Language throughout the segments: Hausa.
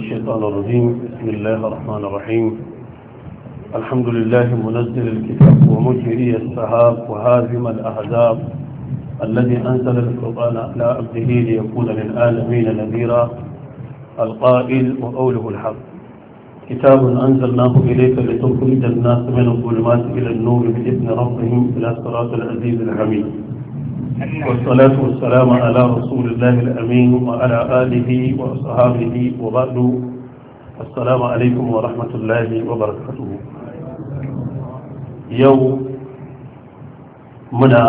الشيطان الرجيم بسم الله الرحمن الرحيم الحمد لله منزل الكتاب ومجري السحاب وهازم الأحزاب الذي أنزل القرآن على عبده ليكون للعالمين نذيرا القائل وقوله الحق كتاب أنزلناه إليك لتخرج الناس من الظلمات إلى النور بإذن ربهم إلى صراط العزيز الحميد والصلاة والسلام على رسول الله الأمين وعلى آله وصحابه وبعد السلام عليكم ورحمة الله وبركاته يوم منا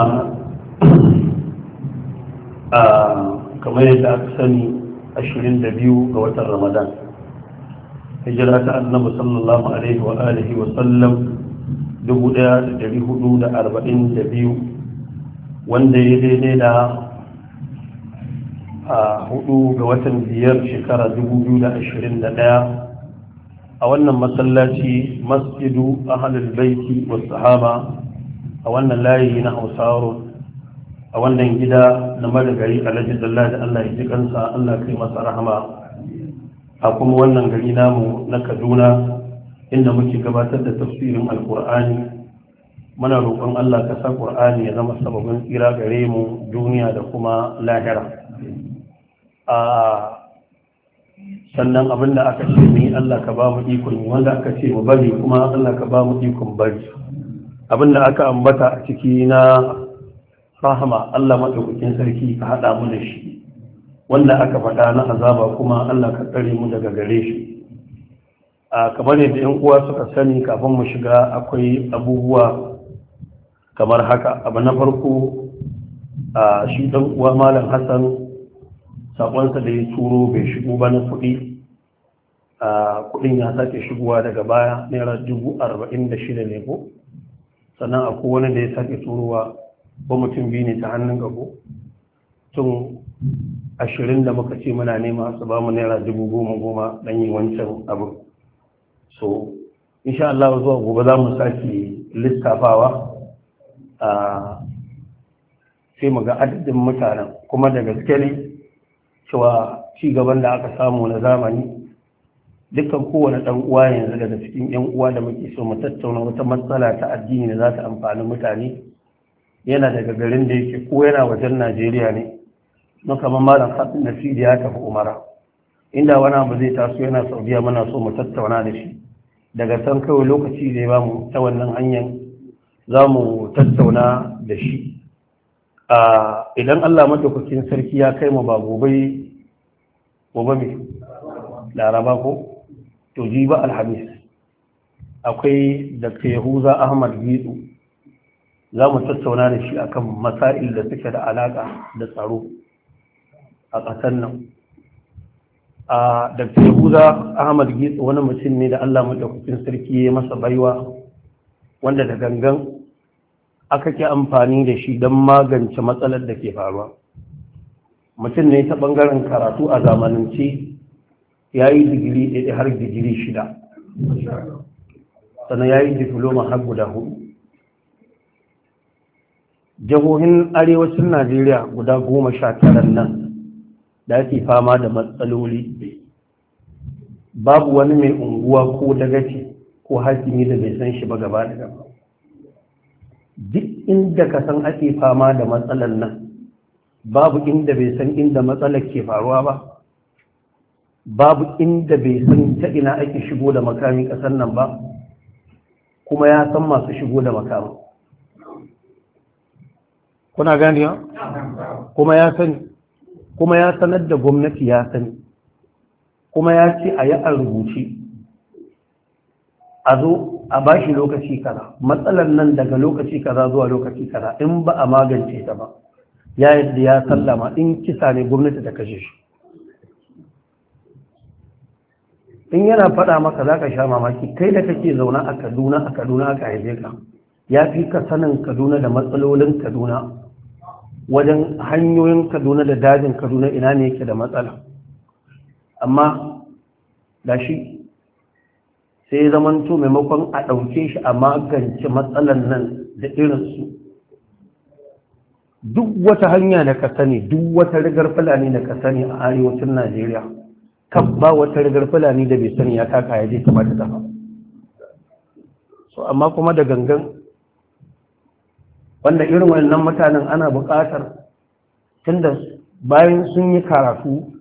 كما يتعكسني أشهرين دبيو قوة رمضان هجرة النبي صلى الله عليه وآله وسلم دبو دا دبيه دا أربعين دبيو wanda ya daidai da a hudu ga watan biyar shekara 2021 a wannan masallaci masjidu ahalul baiti was sahaba a wannan layi na hausaro a wannan gida na madagari a dalla da Allah ya ji kansa Allah kai masa rahama a kuma wannan gari namu na Kaduna inda muke gabatar da tafsirin alkur'ani muna roƙon Allah ka sa Qur'ani ya zama sababin tsira gare mu duniya da kuma lahira a sannan abin da aka ce mu Allah ka ba mu ikon wanda aka ce mu bari kuma Allah ka ba mu ikon bari abin da aka ambata a ciki na rahama Allah madaukakin sarki ka haɗa mu da shi wanda aka faɗa na azaba kuma Allah ka tsare mu daga gare shi a kamar yadda yan uwa suka sani kafin mu shiga akwai abubuwa kamar haka abu na farko a shi dan uwa malam hassan saƙonsa da ya turo bai shigo ba na kuɗi a kuɗin ya sake shigowa daga baya naira dubu arba'in da shida ne ko sannan a kowane da ya sake turowa ba mutum biyu ne ta hannun gabo tun ashirin da muka ce muna nema su ba mu naira dubu goma goma dan yi wancan abu so insha zuwa gobe za mu sake littafawa sai mu ga adadin mutanen kuma da gaske ne cewa ci gaban da aka samu na zamani dukkan kowane dan uwa yanzu daga cikin yan uwa da muke so mu tattauna wata matsala ta addini da za ta amfani mutane yana daga garin da yake ko yana wajen najeriya ne na kamar malam haɗin na fili ya tafi umara inda wani abu zai taso yana saudiya muna so mu tattauna da shi daga san kawai lokaci da ya bamu ta wannan hanyar za mu tattauna da shi idan allah madaukakin sarki ya kai mu ba gobe gobe mai laraba ko to ji ba alhamis akwai dr yahuza ahmad gitsu za mu tattauna da shi akan masail da suke da alaƙa da tsaro a ƙasar nan a yahuza ahmad gitsu wani mutum ne da allah maɗaukakin sarki ya yi masa baiwa wanda da gangan aka ke amfani da shi don magance matsalar da ke faruwa mutum ne ta ɓangaren karatu a zamanance ya yi digiri ɗaya har digiri shida sannan ya yi har guda hudu jihohin arewacin najeriya guda goma sha tara nan da ake fama da matsaloli babu wani mai unguwa ko dagaci ko hakimi da bai san shi ba gaba da gaba duk inda ka san ake fama da matsalar nan babu inda bai san inda matsalar ke faruwa ba babu inda bai san ta ina ake shigo da makamin ƙasar nan ba kuma ya san masu shigo da makamin kuna gani ya kuma ya sani kuma ya sanar da gwamnati ya sani kuma ya ce a yi a rubuce a zo a ba shi lokaci kaza matsalar nan daga lokaci kaza zuwa lokaci kaza in ba a magance ta ba ya yadda ya sallama in kisa ne gwamnati ta kashe shi in yana faɗa maka za ka sha mamaki kai da kake zauna a kaduna a kaduna aka haife ka ya fi ka sanin kaduna da matsalolin kaduna wajen hanyoyin kaduna da dajin kaduna ina ne yake da matsala amma da shi sai zaman zamanto maimakon a ɗauke shi a magance matsalan nan da irinsu duk wata hanya da ƙasa ne duk wata rigar fulani da ƙasa ne a arewacin najeriya kan ba wata rigar fulani da bai sani ya taka ya je ta ba ta so amma kuma da gangan wanda irin wannan mutanen ana buƙatar tunda bayan sun yi karatu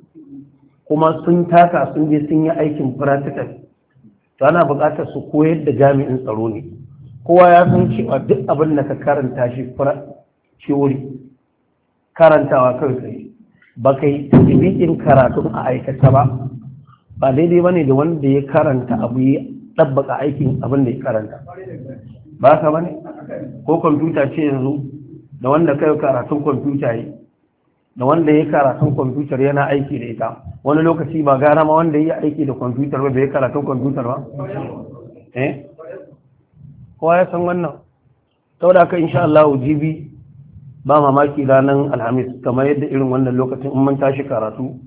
kuma sun taka sun je sun yi aikin practical to ana buƙatar su koyar da jami'in tsaro ne kowa ya san cewa duk abin da ka karanta shi ciwori karantawa kan kai ba kai tabi'in karatun a aikata ba ba daidai ba ne da wanda ya karanta abu ya ɗabbaka aikin abin da ya karanta ba ka ba ne ko kwamfuta ce yanzu da wanda kai karatun kwamfuta yi da wanda ya karatun kwamfutar yana aiki da ita wani lokaci ba gara ma wanda ya aiki da kwamfutar ba bai karatun kwamfutar ba eh kowa ya san wannan Sau da haka insha Allah jibi ba mamaki ranar alhamis kamar yadda irin wannan lokacin in mun tashi karatu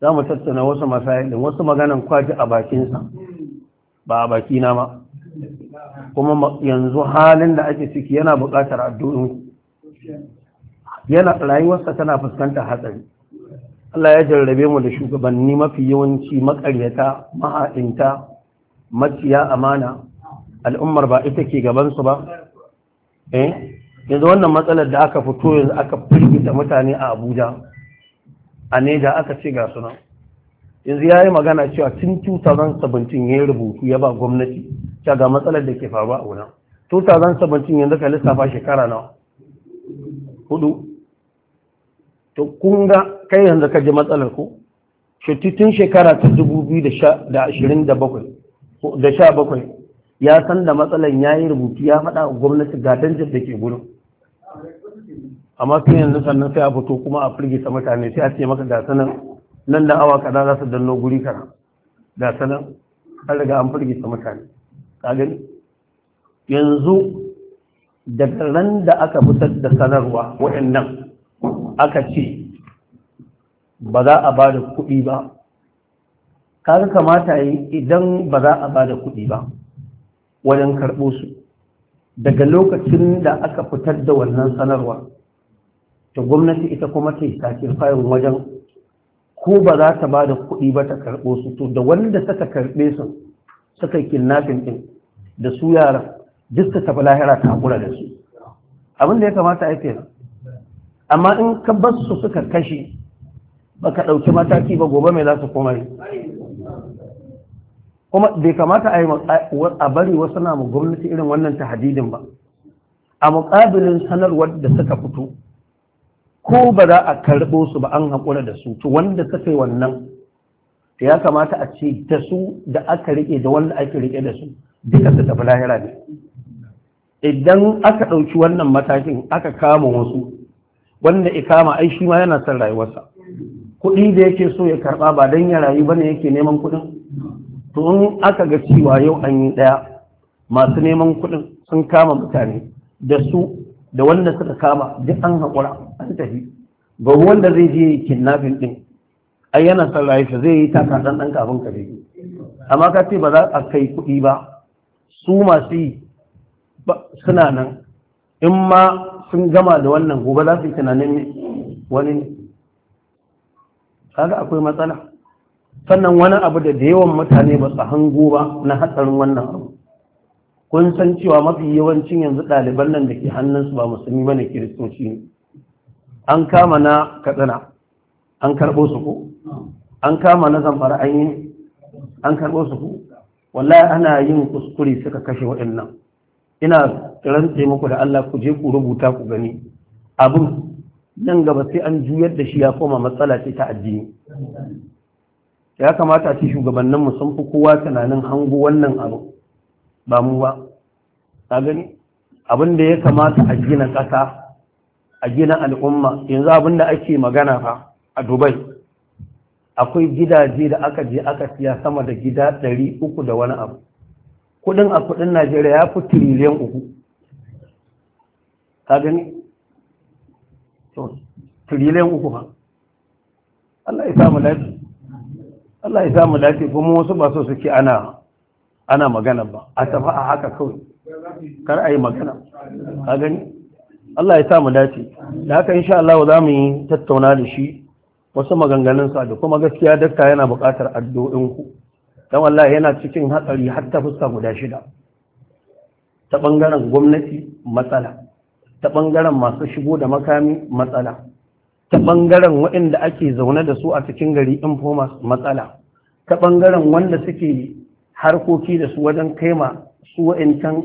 za mu tattana wasu masayin wasu maganan kwaji a bakinsa ba a bakina ma. kuma yanzu halin da ake ciki yana buƙatar addu'in yana rayuwarsa tana fuskantar hatsari Allah ya jarrabe mu da shugabanni mafi yawanci makaryata ma'a'inta maciya amana al'ummar ba ita ke gabansu ba eh yanzu wannan matsalar da aka fito yanzu aka firgita mutane a abuja a neja aka ce ga suna yanzu ya yi magana cewa tun 2017 ya yi rubutu ya ba gwamnati ta ga matsalar da ke faruwa a wuna 2017 yanzu ka lissafa shekara na hudu to kun ga kai yanzu ka ji matsalar ko tun shekara ta 2027 da sha bakwai ya san da matsalar ya yi rubutu ya faɗa wa gwamnati ga danjar da ke gudu. amma tun yanzu sannan sai a fito kuma a firgita mutane sai a ce maka ga sanan nan da awa kaza za su danno guri kana ga sanan an riga an firgita mutane ka gani yanzu daga ran da aka fitar da sanarwa waɗannan aka ce ba za a ba da kuɗi ba kaga kamata yi idan ba za a ba da kuɗi ba wajen karɓo su daga lokacin da aka fitar da wannan sanarwa ta gwamnati ita kuma ta yi fayin wajen ko ba za ta ba da kuɗi ba ta karɓo su to da wanda suka karɓe su suka yi kinnafin ɗin da su yara duk su tafi lahira ta haƙura da su abin da ya kamata a yi kenan amma in ka bar su suka kashe baka ɗauki mataki ba gobe mai za su koma kuma bai kamata a bari wasu na mu gwamnati irin wannan tahadidin ba a muƙabilin sanarwar da suka fito ko ba za a karɓo su ba an haƙura da su to wanda suka yi wannan ya kamata a ce da su da aka riƙe da wanda ake riƙe da su duka su tafi lahira ne idan aka ɗauki wannan matakin aka kama wasu wanda ikama ai shi ma yana son rayuwarsa kuɗi da yake so ya karɓa ba don ya rayu ba ne yake neman kuɗin to in aka ga cewa yau an yi ɗaya masu neman kuɗin sun kama mutane da su da wanda suka kama duk an haƙura an tafi ga wanda zai je kidnapping ɗin ai yana son rayuwarsa zai yi taka ɗan ɗan kafin ka amma ka ce ba za a kai kuɗi ba su masu yi suna nan in ma sun gama da wannan gobe za su yi tunanin wani ne kaga akwai matsala sannan wani abu da da yawan mutane ba su hango ba na hatsarin wannan abu kun san cewa mafi yawancin yanzu ɗaliban nan da ke hannunsu ba musulmi bane kiristoci ne an kama na katsina an karɓo su ko an kama na zamfara an yi an karɓo su ko wallahi ana yin kuskure suka kashe waɗannan ina rantse muku da Allah ku je ku rubuta ku gani abin nan gaba sai an juyar da shi ya koma matsala ce ta addini ya kamata ce mu sun fi kowa tunanin hango wannan abu ba mu ba ka gani abin da ya kamata a gina ƙasa a gina al'umma yanzu abin da ake magana fa a dubai akwai gidaje da aka je aka siya sama da gida ɗari uku da wani abu kudin a kudin najeriya ya fi tiriliyan uku ka gani tiriliyan uku ha Allah ya samu lafi Allah ya samu lafi kuma wasu ba so suke ana ana magana ba a tafi a haka kawai kar a yi magana ka gani Allah ya samu dace da haka insha Allah za mu yi tattauna da shi wasu maganganunsa da kuma gaskiya dakta yana buƙatar addu'inku don wallahi yana cikin hatsari har ta fuska guda shida ta ɓangaren gwamnati matsala ta ɓangaren masu shigo da makami matsala ta ɓangaren waɗanda ake zaune da su a cikin gari infomas matsala ta ɓangaren wanda suke harkoki da su wajen kaima su wa'incan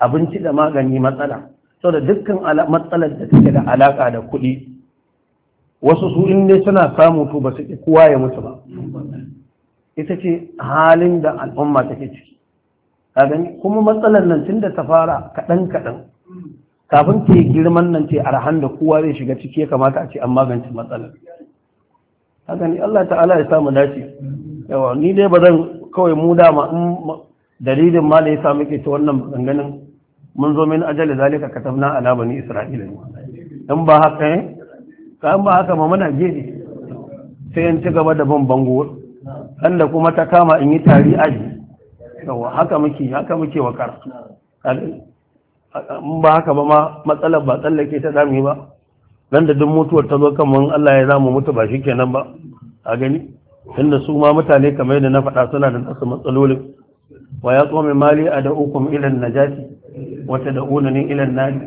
abinci da magani matsala sau da dukkan matsalar da take da alaƙa da kuɗi wasu su in suna samu to ba su kowa ya mutu ba ita ce halin da al'umma take ciki kuma matsalar nan tun da ta fara kaɗan kaɗan kafin ta girman nan ce arhan da kowa zai shiga ciki ya kamata a ce an magance matsalar Hakan Allah ta'ala ya samu dace yawa ni dai ba zan kawai mu dama in dalilin ma da ya samu ke ta wannan ganganin mun zo min ajali zalika katabna ala bani isra'ila in ba haka eh In ba haka ma muna gefe sai an ci gaba da ban bango wanda kuma ta kama in yi tari aji yawa haka muke haka muke wa in ba haka ba ma matsalar ba tsallake ta dami ba nan da duk mutuwar ta zo kan Allah ya za mu mutu ba shikenan ba a gani tunda su ma mutane kamar yadda na faɗa suna da nasu matsalolin wa ya tsomi mali a da ukun ilan najati wata da unanin ilan nadi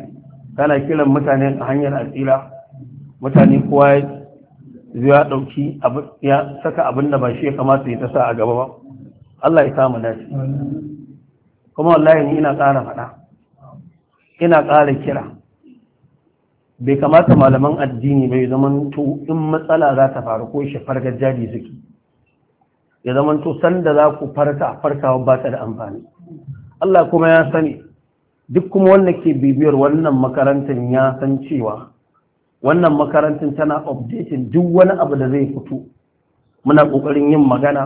kana kiran mutane a hanyar asila mutane kowa ya ɗauki ya saka abin da ba shi ya kamata ya tasa a gaba ba Allah ya samu dace kuma wallahi ni ina ƙara faɗa ina ƙara kira bai kamata malaman addini bai zaman to in matsala za ta faru ko shi fargar jadi suke ya zaman to sanda za ku farka farkawa ba ta da amfani Allah kuma ya sani duk kuma wanda ke bibiyar wannan makarantar ya san cewa wannan makarantar tana updating duk wani abu da zai fito muna kokarin yin magana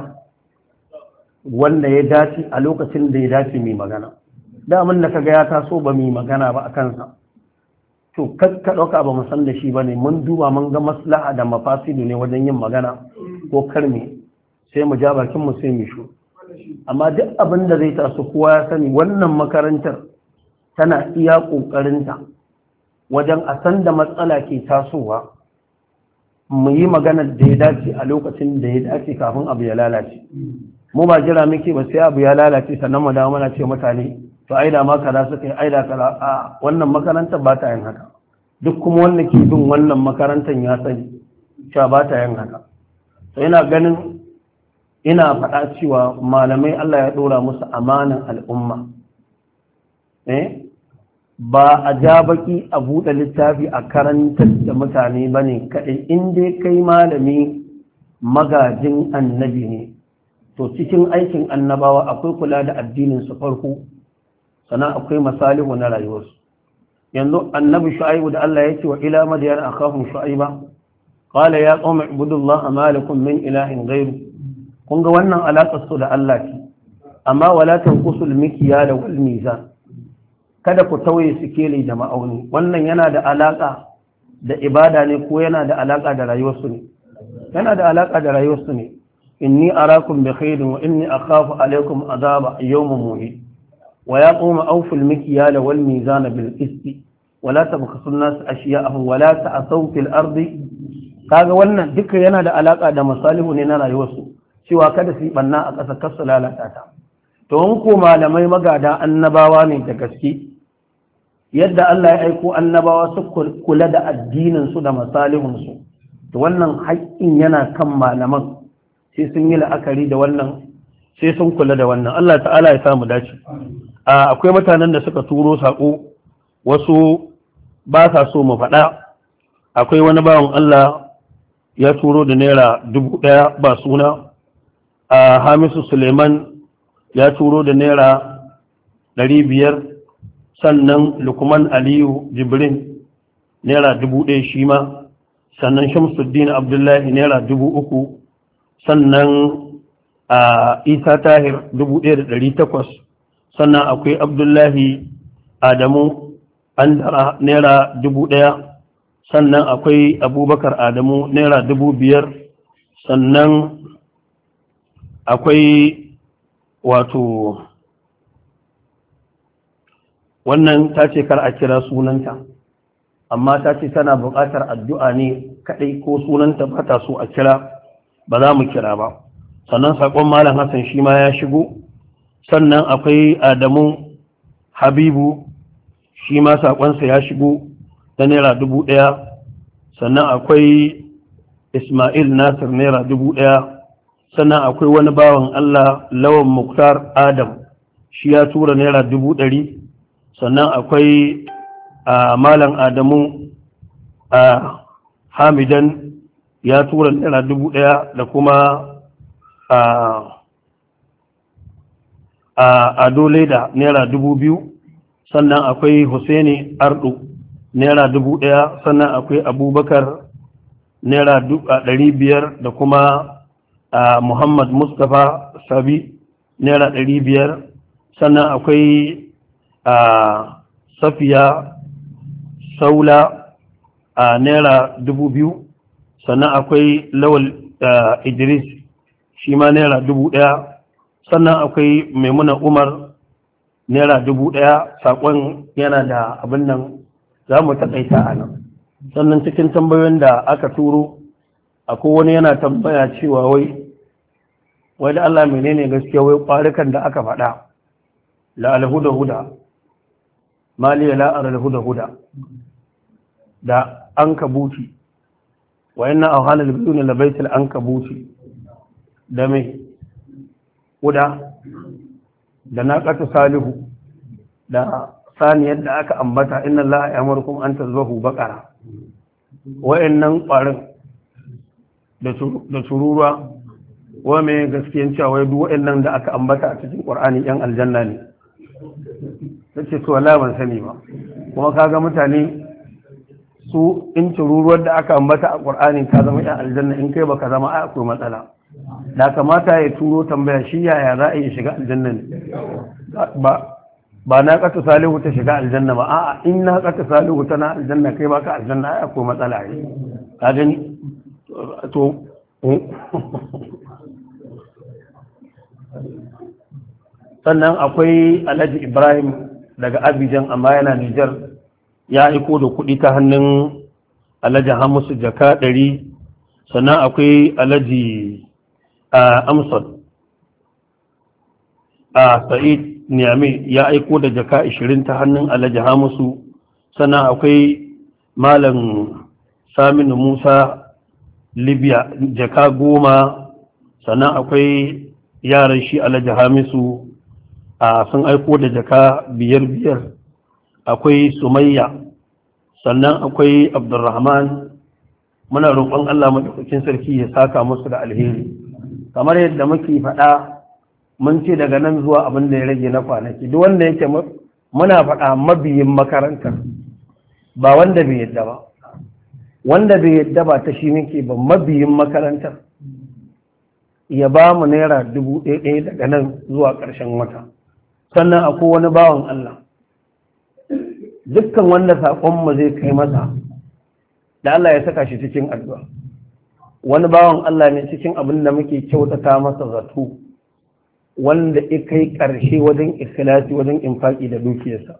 wanda ya dace a lokacin da ya dace mai magana Da damin da kaga ya taso ba mai magana ba a kansa to ka ɗauka ba san da shi ba ne mun duba mun ga maslaha da mafasidu ne wajen yin magana ko karme sai mu ja bakin mu sai mu shu amma duk abin da zai taso kowa ya sani wannan makarantar tana iya ƙoƙarinta wajen a san da matsala ke tasowa mu yi maganar da ya dace a lokacin da ya dace kafin abu ya lalace mu ba jira muke ba sai abu ya lalace sannan mu dawo mana ce mutane to da ma kaza suka yi da kaza a wannan makarantar ba ta yin haka duk kuma wanda ke bin wannan makarantar ya sani cewa ba ta yin haka to ina ganin ina faɗa cewa malamai Allah ya ɗora musu amanan al'umma eh? ba a ja baki a buɗe littafi a karanta da mutane ba ne kaɗai in dai kai malami magajin annabi ne to cikin aikin annabawa akwai kula da addinin farko sannan akwai masalihu na rayuwarsu yanzu annabi shu'aibu da Allah ya ce wa ila madiyar akhahum shu'aiba qala ya qawmi ibudullaha ma lakum min ilahin ghayru kun ga wannan alaƙar su da Allah ce amma wala tanqusul mikyala wal mizan kada ku tauye sikeli da ma'auni wannan yana da alaƙa da ibada ne ko yana da alaƙa da rayuwarsu ne yana da alaƙa da rayuwarsu ne inni arakum bi khairin wa inni akhafu alaikum azaba yawmin muhit wa yaqumu awful mikyala wal mizana bil qisti wa la tabkhasu an-nas ashya'ahum wa la ta'thaw fil ardi kaga wannan duka yana da alaƙa da masalihu ne na rayuwarsu cewa kada su yi banna a ƙasa kasu lalata ta to in ko malamai magada annabawa ne da gaske yadda Allah ya aiko annabawa su kula da addininsu da masalihinsu to wannan haƙƙin yana kan malaman sai sun yi la'akari da wannan sai sun kula da wannan Allah ta'ala ya samu dace akwai mutanen da suka turo saƙo wasu ba sa so mu faɗa akwai wani bawan Allah ya turo da naira dubu ɗaya ba suna a hamisu suleiman ya turo da naira ɗari biyar sannan lukman aliyu jibrin naira dubu ɗaya shi ma sannan shamsuddin abdullahi naira dubu uku sannan a isa tahir dubu ɗaya da ɗari takwas sannan akwai abdullahi adamu an dara naira dubu ɗaya sannan akwai abubakar adamu naira dubu biyar sannan akwai wato wannan ta ce kar a kira sunanta amma ta ce tana buƙatar addu'a ne kaɗai ko sunanta ba ta so a kira ba za mu kira ba sannan saƙon malam hassan shi ma ya shigo sannan akwai adamu habibu shi ma saƙonsa ya shigo ta naira dubu ɗaya sannan akwai ismail nasir naira dubu ɗaya sannan akwai wani bawan allah lawan muktar adam shi ya tura naira dubu ɗari sannan akwai malam adamu a hamidan ya tura naira dubu ɗaya da kuma a dole da naira dubu biyu sannan akwai Hussaini ardu naira dubu ɗaya sannan akwai abubakar naira dari biyar da kuma muhammad mustapha sabi naira dari biyar sannan akwai a safiya saula a naira dubu biyu sannan akwai lawal idris shi ma naira dubu ɗaya sannan akwai maimuna umar naira dubu ɗaya saƙon yana da abin nan za mu taƙaita a nan sannan cikin tambayoyin da aka turo akwai wani yana tambaya cewa wai wai da allah menene gaskiya wai ƙwarikan da aka faɗa la alhuda huda maliya la'ar da huda da an kabuci wa yana a halar biyu na labaitar an kabuci da mai huda da na ƙasa salihu da saniyar da aka ambata ina la'a ya markun an tazbahu bakara wa'annan ƙwarin da tururuwa wa mai gaskiyan cewa duk wa'annan da aka ambata a cikin ƙwar'ani 'yan aljanna ne ta ce to wala ban sani ba kuma kaga mutane su in tururuwar da aka ambata a ƙur'ani ka zama yan aljanna in kai baka zama a akwai matsala da kamata ya turo tambaya shi yaya za a yi shiga aljanna ne ba ba na kata salihu ta shiga aljanna ba a'a in na kata salihu tana aljanna kai baka aljanna ai akwai matsala ne ka gani to sannan akwai alhaji ibrahim daga abijan amma yana nijar ya aiko da kuɗi ta hannun alhaji hamusu jaka ɗari sannan akwai alhaji amson a sa'id niyami ya aiko da jaka 20 ta hannun alhaji hamusu sannan akwai malam saminu musa libya jaka goma sannan akwai yaran shi alhaji hamisu a sun aiko da jaka biyar biyar akwai sumayya sannan akwai abdurrahman muna roƙon allah maɗaukakin sarki ya saka musu da alheri kamar yadda muke faɗa mun ce daga nan zuwa abin da ya rage na kwanaki duk wanda yake muna faɗa mabiyin makarantar ba wanda bai yadda ba wanda bai yadda ba ta shi nake ba mabiyin makarantar ya ba mu naira dubu ɗaya ɗaya daga nan zuwa ƙarshen wata sannan akwai wani bawan Allah dukkan wanda mu zai kai masa da Allah ya saka shi cikin addu'a wani bawan Allah ne cikin abin da muke kyautata masa zato wanda ya kai ƙarshe wajen ikhlasi wajen infaki da dukiyarsa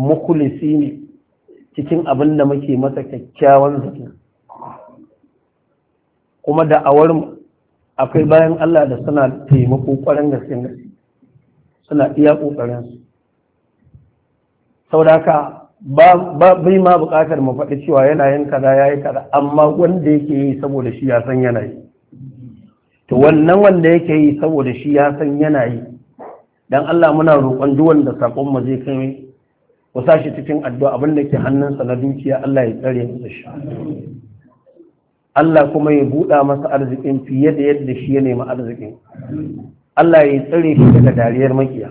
mukulisi ne cikin abin da muke masa kyakkyawan zato kuma da awarmu. akwai bayan Allah da suna taimako ƙwarin gaske gaske suna iya ƙoƙarin su saboda ba bai ma buƙatar mu faɗi cewa yana yin kaza ya yi kaza amma wanda yake yi saboda shi ya san yana to wannan wanda yake yi saboda shi ya san yana yi dan Allah muna roƙon duk wanda sakon mu zai kai wasa shi cikin addu'a abin da ke hannunsa na dukiya Allah ya tsare masa shi Allah kuma ya buɗa masa arzikin fiye da yadda shi ya nemi arzikin Allah ya tsare shi daga dariyar makiya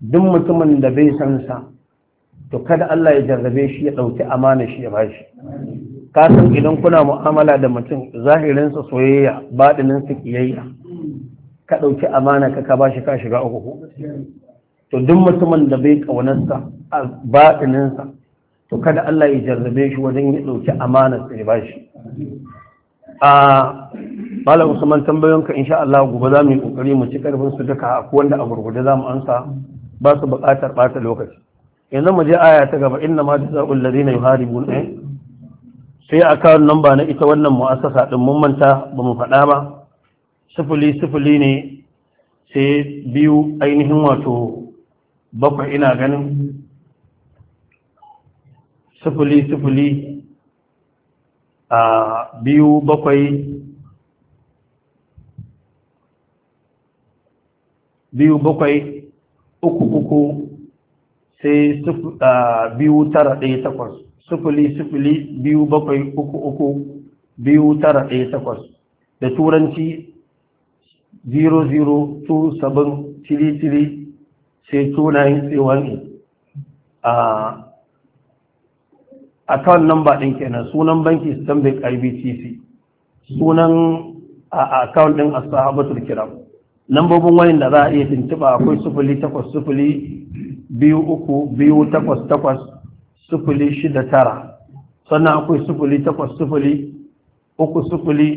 duk mutumin da bai san sa to kada Allah ya jarrabe shi ya ɗauki amana shi ya ba shi. ka san idan kuna mu'amala da mutum zahirinsa soyayya baɗininsa kiyayya ka ɗauki amana ka ka bashi ka shiga uku to duk mutumin da bai ƙaunarsa baɗininsa to kada Allah ya jarrabe shi wajen ya ɗauki amana ya ba shi. a malam usman in insha Allah gobe za mu yi kokari mu ci karfin su duka a wanda a gurgurde za mu ansa ba su buƙatar ɓata lokaci yanzu mu je aya ta gaba inna ma jazaa'ul ladina yuharibun eh? sai kawo namba na ita wannan mu'assasa ɗin mun manta ba mu faɗa ba sifili sifili ne sai biyu ainihin wato bakwai ina ganin sifili sifili biyu bakwai biyu bakwai uku uku sai biyu tara ɗaya takwas sufuli sufuli biyu bakwai uku uku biyu tara ɗaya takwas da turanci 0027 tiri tiri sai 29 sai 1 account number din kenan sunan banki Stanbic IBTC sunan a account din ashabatul kiram lambobin wayan da za a iya tuntuba akwai sufuli takwas sufuli biyu uku biyu takwas takwas sufuli shida tara sannan akwai sufuli takwas sufuli uku sufuli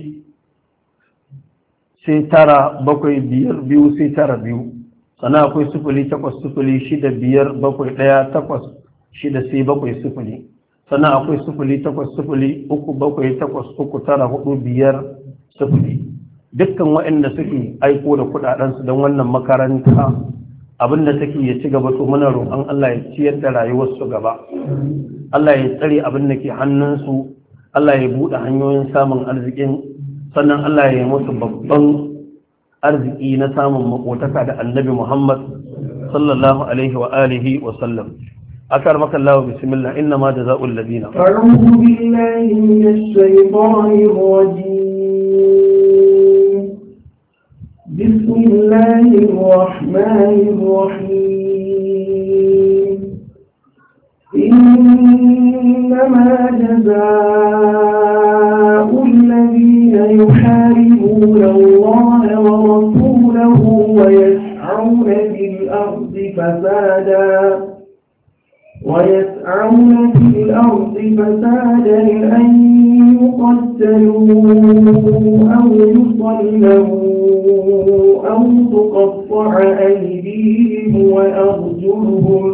sai tara bakwai biyar biyu sai tara biyu sannan akwai sufuli takwas sufuli shida biyar bakwai ɗaya takwas shida sai bakwai sufuli sannan akwai sufuli takwas sufuli uku bakwai takwas uku tara hudu biyar sufuli dukkan waɗanda suke aiko da kuɗaɗensu don wannan makaranta abin da take ya ci gaba to muna roƙon Allah ya ciyar da rayuwarsu gaba Allah ya tsare abin da ke hannunsu Allah ya buɗe hanyoyin samun arzikin sannan Allah ya yi musu babban arziki na samun makotaka da annabi Muhammad sallallahu alaihi wa alihi wa sallam أكار الله بسم الله إنما جزاء الذين أعوذ بالله من الشيطان الرجيم بسم الله الرحمن الرحيم إنما جزاء الذين يحاربون الله ورسوله ويسعون في الأرض فسادا الأرض فسادا أن يقتلوا أو يصلبوا أو تقطع أيديهم وأرجلهم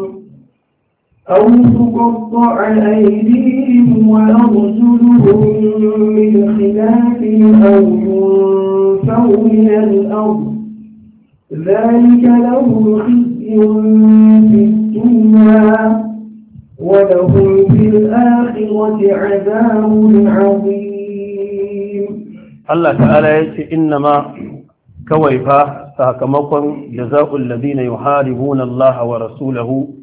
أو تقطع أيديهم وأرجلهم من خلاف أو ينفوا من الأرض ذلك لهم خزي في الدنيا ولهم allah ta'ala عذاب عظيم الله تعالى يقول إنما sakamakon jaza'ul ladina yuharibuna Allah wa rasulahu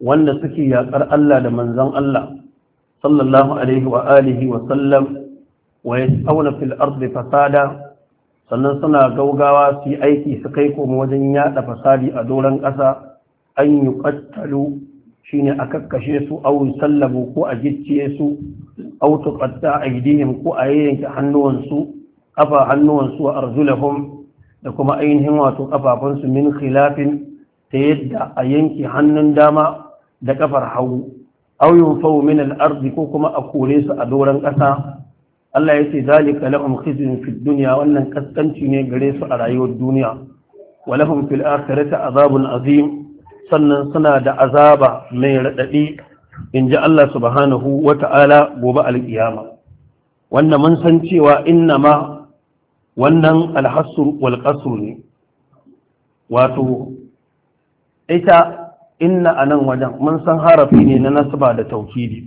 wanda suke yakar Allah da manzon Allah sallallahu alaihi wa alihi wa sallam wa yas'awna fil ardi fasada sannan suna gaugawa su yi aiki su kai koma wajen yada fasadi a doron ƙasa an yi ƙattalu shine a kakkashe su aw sallabu ko a gicciye su aw a aydihim ko a yanke hannuwansu ƙafa hannuwansu wa arzulahum da kuma ainihin wato kafafunsu min khilafin ta yadda a yanke hannun dama da ƙafar hagu aw yunfau min ko kuma a kore su a doran ƙasa Allah ya ce zalika lahum khizyun fid dunya wannan kaskanci ne gare su a rayuwar duniya wa lahum fil akhirati azabun azim sannan suna da azaba mai raɗaɗi in ji Allah subhanahu wa ta'ala gobe alƙiyama wanda mun san cewa inna ma wannan alhassur walƙasur ne wato ita inna a nan wajen mun san harafi ne na nasaba da taukidi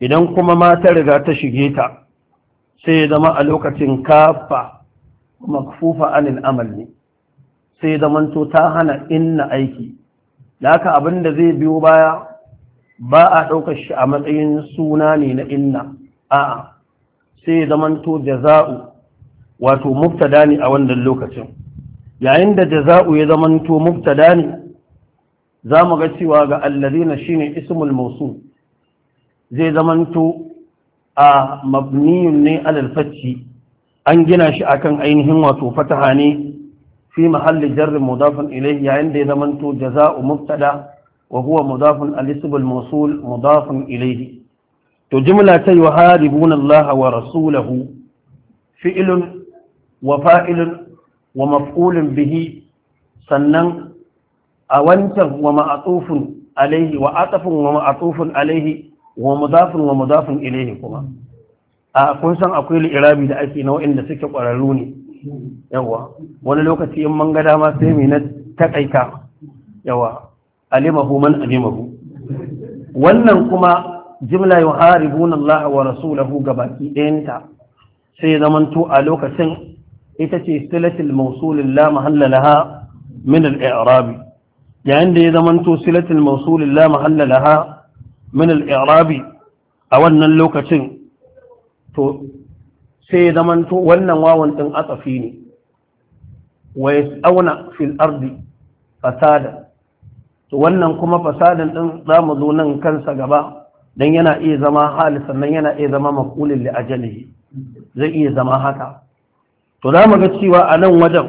idan kuma ma ta riga ta shige ta sai ya zama a lokacin kafa makfufa anil amal ne sai ya zamanto ta hana inna aiki da haka abin da zai biyo baya ba a ɗaukar shi a matsayin suna ne na inna a'a sai ya zamanto jaza'u wato mubtada ne a wannan lokacin yayin da jaza'u ya zamanto mubtada ne za mu ga cewa ga alladina shine ismul Mausu, zai zamanto a mabniyun ne alal an gina shi akan ainihin wato fataha ne fi mahalli jarrin mudafin ilayhi yayin da ya zamanto jaza'u mubtada wa huwa mudafin al-ism al-mawsul mudafin ilayhi to jumla ta yuharibuna Allah wa rasulahu fi'lun wa fa'ilun wa maf'ulun bihi sannan a wancan wa ma'atufun alaihi wa atafun wa ma'atufun alaihi wa mudafun wa mudafun ilaihi kuma a kun san akwai li'irabi da ake na waɗanda suke ƙwararru ne yawa wani lokaci in man ga dama sai mai na takaita yawa alimahu man alimahu wannan kuma jimla yi yuharibuna Allah wa rasulahu gabaki ɗayanta sai zamanto a lokacin ita ce silatul mawsulin la mahalla laha min al-i'rab yayin da ya zamanto silatul mawsulin la mahalla laha min al-i'rab a wannan lokacin to sai ya zamanto wannan wawan ɗin atsafi ne wa ya tsauna fil ardi fasada wannan kuma fasadan ɗin za mu zo nan kansa gaba don yana iya zama hali sannan yana iya zama makulin da ajali zai iya zama haka to za mu ga cewa a nan wajen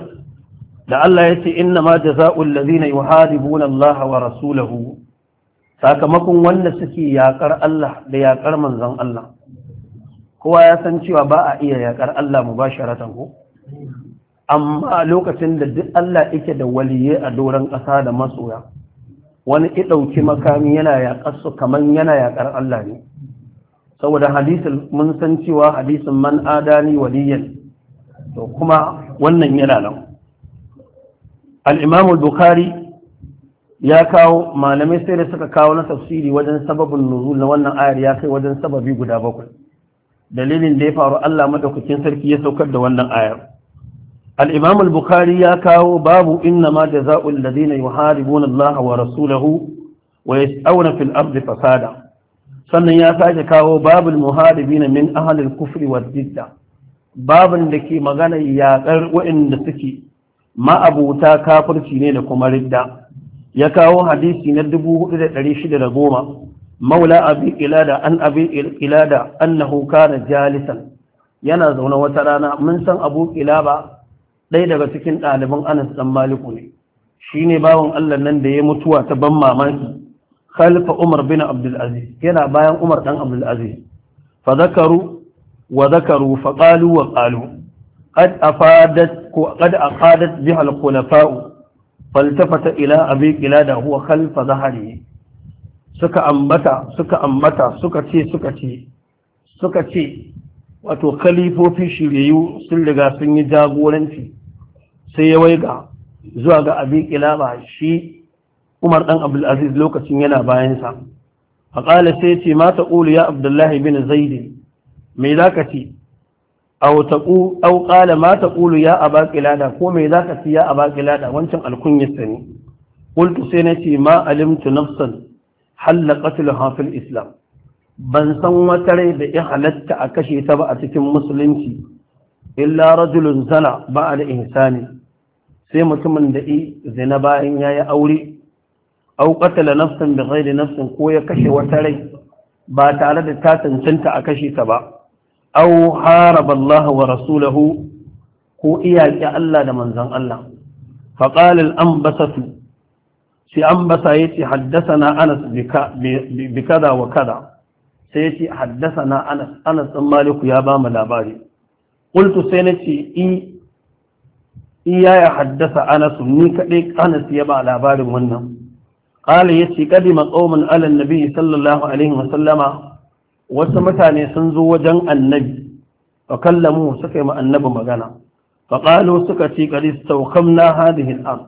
da Allah ya ce inna ma jaza'ul ladina yuharibuna Allah wa rasulahu sakamakon wanda suke yakar Allah da yakar manzon Allah kowa ya san cewa ba a iya yaƙar Allah mu ba sharatan ko amma lokacin da duk Allah yake da waliye a doron ƙasa da masoya wani ki ɗauki makami yana yaƙar su kamar yana yaƙar Allah ne saboda hadisin mun san cewa hadisin man adani waliyan to kuma wannan yana nan al-Imam bukhari ya kawo malamai sai da suka kawo na tafsiri wajen sababin nuzul na wannan ayar ya kai wajen sababi guda bakwai dalilin da ya faru Allah madaukakin sarki ya saukar da wannan ayar al-Imam bukhari ya kawo babu inna ma jazaa'ul ladina yuharibuna Allah wa rasulahu wa yas'awna fil fasada sannan ya sake kawo babul muharibina min ahli al-kufri wad didda babin da ke magana yaƙar waɗanda suke ma'abuta kafirci ne da kuma ridda ya kawo hadisi na da goma. maula abi ilada an abi ilada annahu kana jalisan yana zaune wata rana mun san abu ilaba ɗaya daga cikin ɗaliban anas dan maliku ne shine bawan Allah nan da ya mutuwa ta ban mamaki khalifa umar bin abdul aziz yana bayan umar dan abdul aziz fa zakaru wa zakaru fa qalu wa qalu قد أفادت قد أفادت بها الخلفاء فالتفت إلى أبي قلادة هو suka ambata suka ambata suka ce suka ce suka ce wato kalifofi shiryayu sun riga sun yi jagoranci sai ya waiga zuwa ga abin kilaba shi umar dan abdulaziz lokacin yana bayansa a ƙala sai ce mata ƙulu ya abdullahi bin zaidi mai za ka ce au ƙala mata ƙulu ya aba kilada ko mai za ka ce ya aba kilada wancan alkunyarsa ne ƙultu sai na ce ma alimtu nafsan halla qatlu islam ban san wata rai da ya halatta a kashe ta ba a cikin musulunci illa rajulun zana ba da insani sai mutumin da i zina bayan yayi aure au qatala nafsan zai ghairi nafsin ko ya kashe wata rai ba tare da ta tantanta a kashe ta ba au haraba Allah wa rasulahu ko iyaki Allah da manzon Allah faqala al-anbasatu sai an basa ya ce haddasa na anas bi kada wa kada sai ya ce haddasa na anas anas ɗan maliku ya ba mu labari ƙultu sai na ce i iya ya haddasa Anasu ni kaɗai anas ya ba labarin wannan ƙala ya ce ƙadima tsawon alan nabi sallallahu alaihi wasallama wasu mutane sun zo wajen annabi fa kallamu suka yi ma annabi magana fa suka ce qad istawkamna hadhihi al-am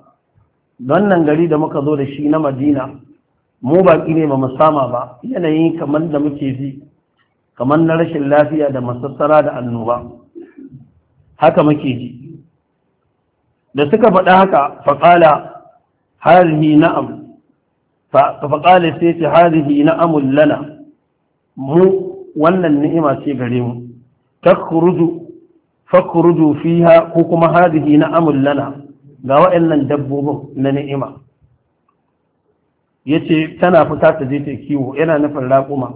wannan gari da muka zo da shi na madina mu baƙi ne ba mu sama ba yanayi kamar da muke ji kamar na rashin lafiya da masassara da annoba haka muke ji da suka faɗa haka faƙala harihi na'am faƙala sai ce harihi na'amun lana mu wannan ni'ima ce gare mu takhruju fakhruju fiha ko kuma harihi na'amun lana ga waɗannan dabbobin na ni'ima ya ce tana fita ta je ta kiwo yana nufin raƙuma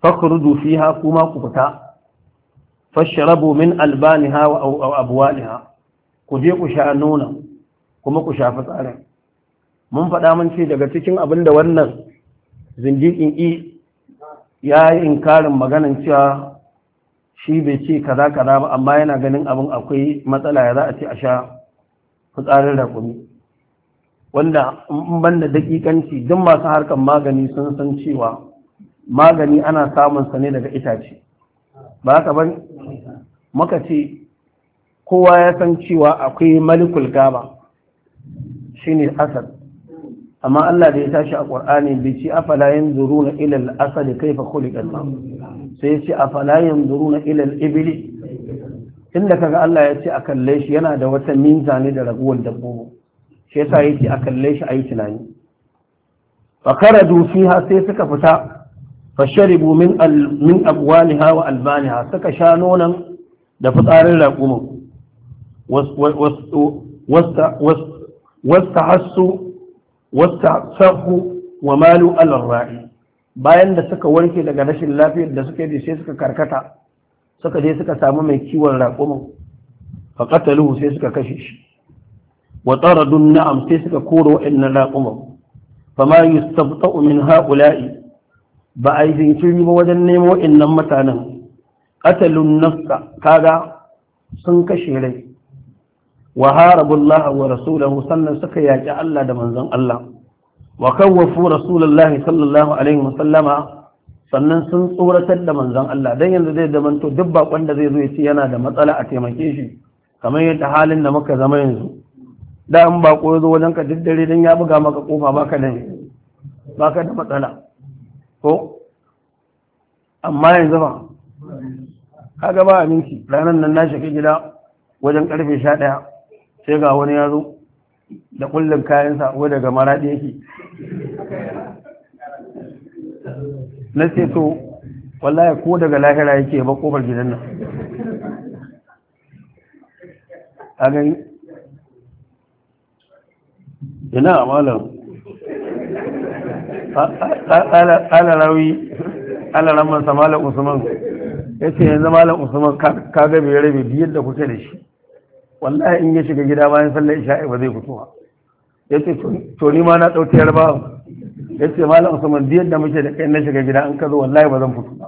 fakrudu fiha kuma ku fita fashrabu min albani ha wa ha, ku je ku sha nuna kuma ku shafi tsarin. mun faɗa mun ce daga cikin abin da wannan zindiƙin i ya yi inkarin maganan cewa shi bai ce kaza kaza ba amma yana ganin abin akwai matsala ya za a ce a sha fitsarin rakumi wanda in da dakikanci duk masu harkar magani sun san cewa magani ana samun sa ne daga itace ba haka ban maka ce kowa ya san cewa akwai malikul gaba shine asad amma Allah da ya tashi a Qur'ani bai ce afala yanzuruna ila al-asad kayfa khuliqa sai ya a afala yanzuruna ila al-ibli inda kaga Allah ya ce a kalle shi yana da wata minza da raguwar dabbobi shi yasa yake a kalle shi a yi tunani fa karadu fiha sai suka fita fa sharibu min min abwaliha wa albaniha suka sha nonan da fitsarin raƙumin wasta hassu wasta sahu wa malu rai bayan da suka warke daga rashin lafiyar da suke da sai suka karkata suka je suka samu mai kiwon raƙumin fa qataluhu sai suka kashe shi wa taradun na'am sai suka kora wa'annan raƙumin fa ma yustabta'u min ha'ula'i ba a yi jinkiri ba wajen nemo wa'annan mutanen Ƙatalun nafsa kaga sun kashe rai wa harabullaha wa rasulahu sannan suka yaƙi Allah da manzon Allah wa kawwafu Rasulallah sallallahu alaihi wasallama sannan sun tsoratar da manzon Allah dan yanzu zai zamanto duk bakon da zai zo ya ci yana da matsala a taimake shi kamar yadda halin da muka zama yanzu da in bako ya zo wajen ka duk dare dan ya buga maka kofa baka da baka da matsala ko amma yanzu ba kaga ba aminci ranar nan na shiga gida wajen karfe 11 sai ga wani ya zo da kullum kayansa ko daga maraɗi yake na ce to wallahi ko daga lahira yake ba kofar gidan nan a gani Ina a malam? alarawi ala malam usman ya ce yanzu malam usman ka gabe ya rabe biyar da kuke da shi wallahi in ya shiga gida bayan sallar isha'i ba zai fito ya ce to ni ma na ɗauki yarbawa ya ce malam usman diyar da muke da kai na shiga gida an ka zo wallahi ba zan fito ba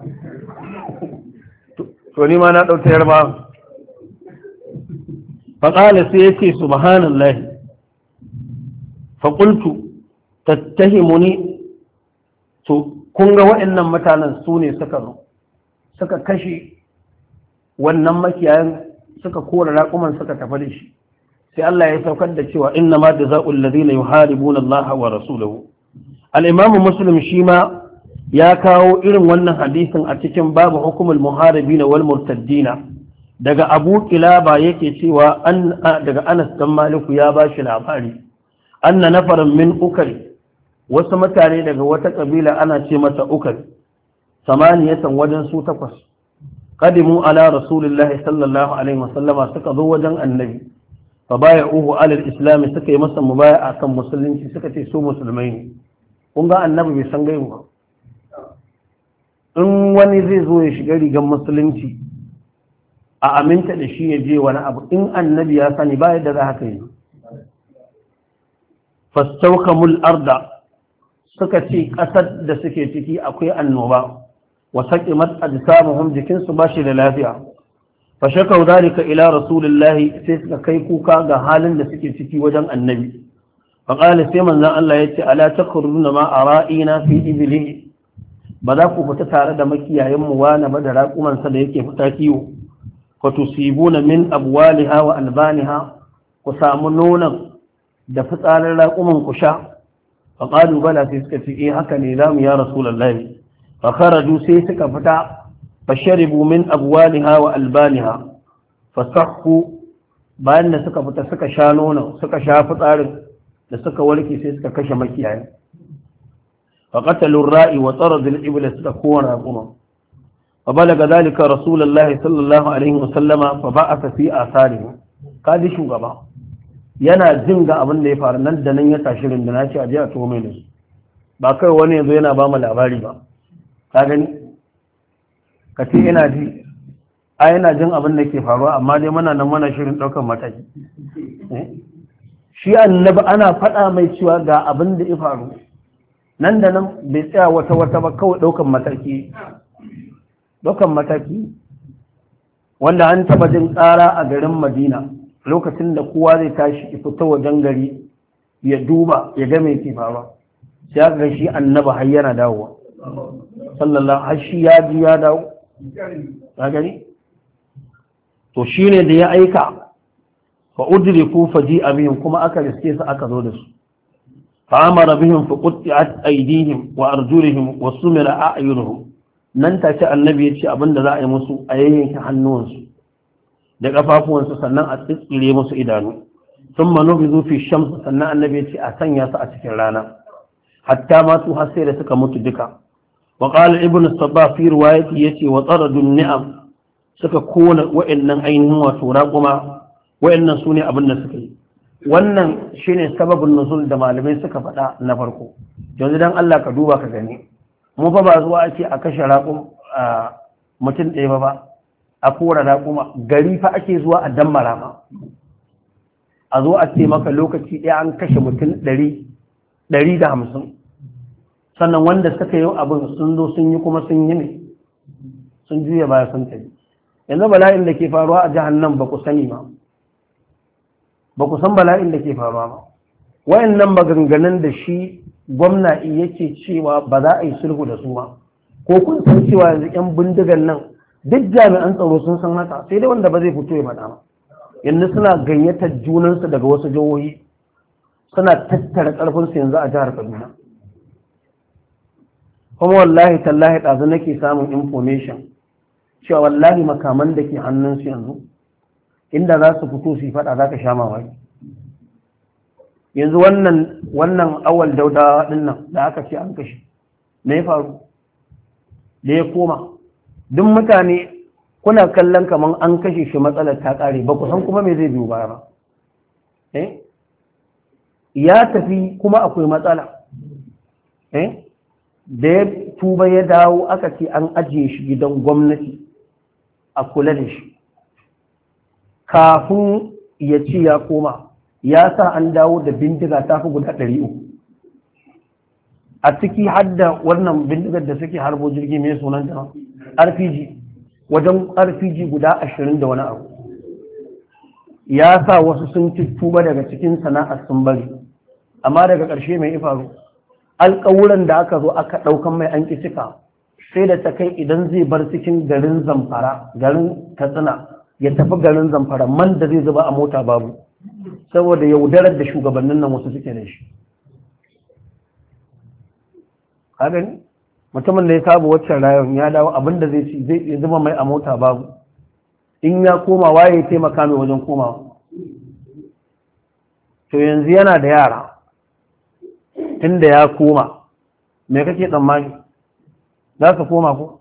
to ni ma na ɗau tayar ba faƙala sai ya ce subhanallahi faƙultu tattahimuni to kun ga waɗannan mutanen su ne suka zo suka kashe wannan makiyayan suka kora raƙuman suka tafi da shi sai Allah ya saukar da cewa inna ma jaza'ul ladina yuharibuna Allah wa rasulahu al'imamu muslim shi ma ya kawo irin wannan hadisin a cikin babu hukumul muharibina wal murtaddina daga abu kilaba yake cewa daga anas dan maliku ya ba shi labari anna nafarin min ukari wasu mutane daga wata kabila ana ce mata ukari samaniyatan wajen su takwas kadimu ala rasulillahi sallallahu alaihi wasallama suka zo wajen annabi fa baya ala al-islam suka yi masa mubaya'a kan musulunci suka ce su musulmai ne kun ga annabi bai san gaiwa in wani zai zo ya shiga rigar musulunci a aminta da shi ya je wani abu in annabi ya sani ba yadda za haka yi fastauka mul'arda. arda suka ce ƙasar da suke ciki akwai annoba wata ƙimar a ji samun jikinsu ba shi da lafiya fashe kau zalika ila rasulullahi sai suka kai kuka ga halin da suke ciki wajen annabi faƙali sai manzan Allah ya ce ala ta ma a ra'ina fi ibili ba za ku fita tare da makiyayin mu wani ba da raƙumansa da yake fita kiwo ku tusibu na min abwaliha wa albaniha ku samu nonon da fitsarin raƙuman ku sha faƙalu bala sai suka ce eh haka ne za mu ya rasulallahi fa kharaju sai suka fita fasharibu sharibu min abwaliha wa albaniha fa bayan da suka fita suka sha nonon suka sha fitsarin da suka warke sai suka kashe makiyaya fa qatalu ra'i wa tarad al-ibla suka kora kuma fa balaga zalika rasulullahi sallallahu alaihi wa sallama fa ba'atha fi asari ji shugaba yana jin ga abin da ya faru nan da nan ya tashi na ce a je a tuwo mai da ba kai wani yanzu yana ba mu labari ba ka gani ka ce ina ji a yana jin abin da ke faruwa amma dai muna nan mana shirin ɗaukar mataki eh? shi annabi ana faɗa mai cewa ga abin da ya faru nan da nan bai tsaya wata wata ba kawai ɗaukan mataki ɗaukan mataki wanda an taɓa jin ƙara a garin madina lokacin da kowa zai tashi ya fita wajen gari ya duba ya ga mai ke faruwa sai aka ga shi annabi har yana dawowa sallallahu har shi ya ji ya dawo ga gari to shine da ya aika fa ku faji amin kuma aka riske su aka zo da su fa amara bihim fa qutti'at aydihim wa arjulihim wa sumira a'yunuhum nan ta ce annabi ya ce abinda za a yi musu a yayyanke hannuwansu da kafafuwansu sannan a tsitsire musu idanu sun nufi fi shams sannan annabi ya ce a sanya su a cikin rana hatta su har sai da suka mutu duka wa qala ibnu sabba fi riwayati yace wa taradun ni'am suka kona wa'annan ainihin wato raquma wayannan su ne abin da suka yi wannan shine sababin nuzul da malamai suka faɗa na farko yanzu dan Allah ka duba ka gani mu fa ba zuwa ake a kashe raƙum mutum ɗaya ba ba a kora raƙuma gari fa ake zuwa a dammara ma a zo a ce maka lokaci ɗaya an kashe mutum ɗari da hamsin sannan wanda suka yi abin sun zo sun yi kuma sun yi ne sun juya baya sun tafi yanzu bala'in da ke faruwa a jihar nan ba ku sani ba. ba ku san bala'in da ke fama ba wayannan maganganun da shi gwamna yake cewa ba za a yi sulhu da su ba ko kun san cewa yanzu yan bindigan nan duk jami'an tsaro sun san haka sai dai wanda ba zai fito ya faɗa ba yanzu suna gayyatar junansu daga wasu jihohi suna tattara ƙarfinsu yanzu a jihar kaduna kuma wallahi tallahi ɗazu nake samun information cewa wallahi makaman da ke hannunsu yanzu inda za su fito su faɗa za ka sha mamaki yanzu wannan wannan awal dauda dinnan da aka ce an kashe me ya faru da ya koma duk mutane kuna kallon kaman an kashe shi matsalar ta kare ba ku san kuma me zai biyo baya ba eh? ya tafi kuma akwai matsala eh? da ya tuba ya dawo aka ce an ajiye shi gidan gwamnati a kula da shi kafin ya ci ya koma ya sa an dawo da bindiga ta fi guda ɗari uku a ciki hadda wannan bindigar da suke harbo jirgi mai sunan ta rpg wajen rpg guda ashirin da wani abu ya sa wasu sun tuba daga cikin sana'ar sun bari amma daga ƙarshe mai ifaru alƙawuran da aka zo aka ɗaukan mai an cika sai da ta kai idan zai bar cikin garin zamfara garin katsina ya tafi garin zamfara man da zai zuba a mota babu saboda yaudarar da shugabannin nan wasu suke da shi haɗin mutumin da ya saba waccan rayon ya dawo abin da zai ci zai zuba mai a mota babu in ya koma waye ya taimaka mai wajen komawa to yanzu yana da yara inda ya koma me kake tsammani za ka koma ko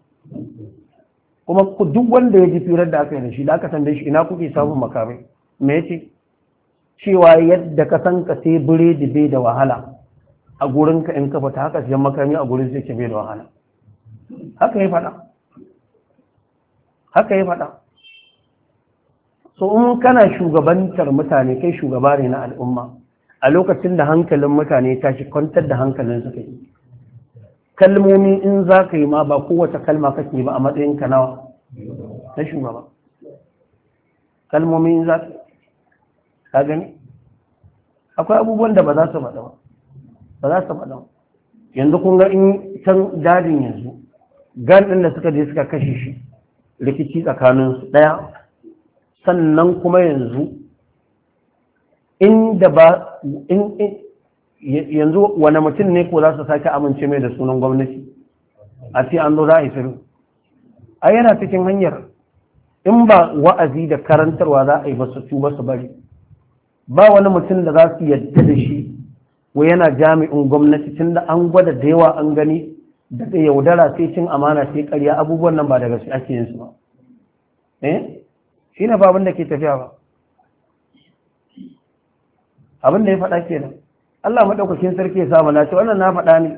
kuma duk wanda ya ji firar da aka yi da shi da aka shi ina kuke samun makamai me ce? cewa yadda ka san ka sai biredi bai da wahala a gurin ka in ka fita haka siyan makami a gurin zai ke bai da wahala haka ya faɗa haka ya faɗa so in kana shugabantar mutane kai shugaba ne na al'umma a lokacin da hankalin mutane tashi kwantar da hankalin suka yi kalmomi in za ka yi ma ba kowace kalma kake ba a matsayin ka nawa na shugaba kalmomi in za ka gani akwai abubuwan da ba za su faɗa ba ba za su faɗa ba yanzu kun ga in can dajin yanzu gan ɗin da suka je suka kashe shi rikici tsakaninsu ɗaya sannan kuma yanzu inda ba in yanzu wani mutum ne ko za su sake amince mai da sunan gwamnati a ce an zo za a yi a yana cikin hanyar in ba wa'azi da karantarwa za a yi ba su bari ba wani mutum da za su yadda da shi wai yana jami'in gwamnati tun da an gwada da yawa an gani daga yaudara sai cin amana sai karya abubuwan nan ba daga su ake yin su ba eh shi ne ba abin da ke tafiya ba abin da ya faɗa kenan Allah maɗaukakin sarki ya samu ce wannan na faɗa ne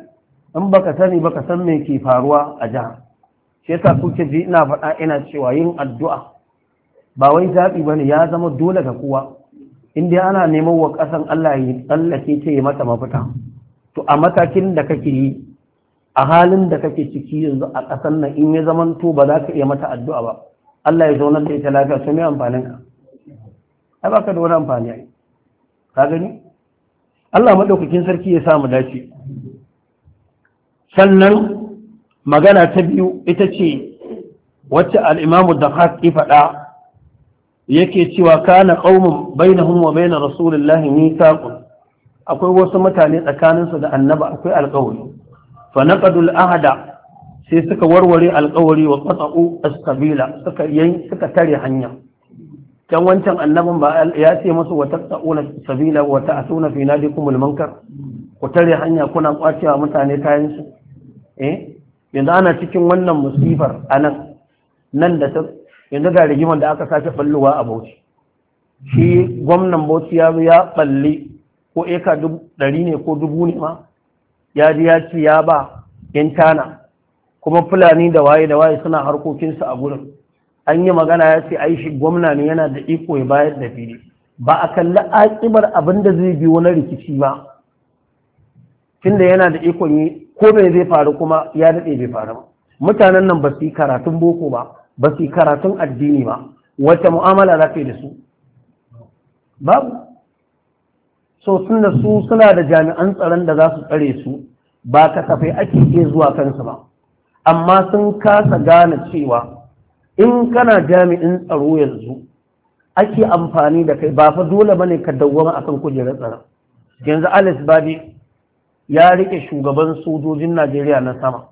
in baka sani baka san me ke faruwa a jiha shi yasa kuke ji ina faɗa ina cewa yin addu'a ba wai zaɓi ba ne. ya zama dole ga kowa in dai ana neman wa ƙasan Allah ya tsallake ce ya mata mafita to a matakin da kake yi a halin da kake ciki yanzu a ƙasan nan in ya zama to ba za ka iya mata addu'a ba Allah ya zaunar da ita lafiya su mai amfanin ka ai baka da wani amfani ai ka gani Allah maɗaukakin sarki ya samu dace sannan magana ta biyu ita ce wacce al'imamu da haƙi faɗa yake cewa kana ƙaumin bainahum wa bainar rasulullahi mithaqun akwai wasu mutane tsakaninsu da annaba akwai alƙawari fa ahada sai suka warware alƙawari wa qata'u suka sabila suka suka tare hanya can wancan annabin ba ya ce masu wata tsa'una sabila wa ta'tuna fi nadikum kuma munkar ku tare hanya kuna kwacewa mutane kayan su eh yanzu ana cikin wannan musifar a nan da ta yanzu ga rigimar da aka sake ballowa a Bauchi shi gwamnan Bauchi ya zo ya balle ko eka ɗari ne ko dubu ne ma ya ji ya ci ya ba yan tana kuma fulani da waye da waye suna harkokinsu a gurin an yi magana ya ce aishi gwamna ne yana da iko ya bayar da fili ba a kalli akibar abin da zai biyo na rikici ba tunda yana da ikon yi ko bai zai faru kuma ya daɗe bai faru ba mutanen nan ba su yi karatun boko ba ba su yi karatun addini ba wata mu'amala za ka yi da su babu so sun da su suna da jami'an tsaron da za su tsare su ba kasafai ake ke zuwa kansu ba amma sun kasa gane cewa in kana jami'in tsaro yanzu ake amfani da kai ba fa dole bane ka dawwama akan kujerar tsaro yanzu Alice Badi ya rike shugaban sojojin Najeriya na sama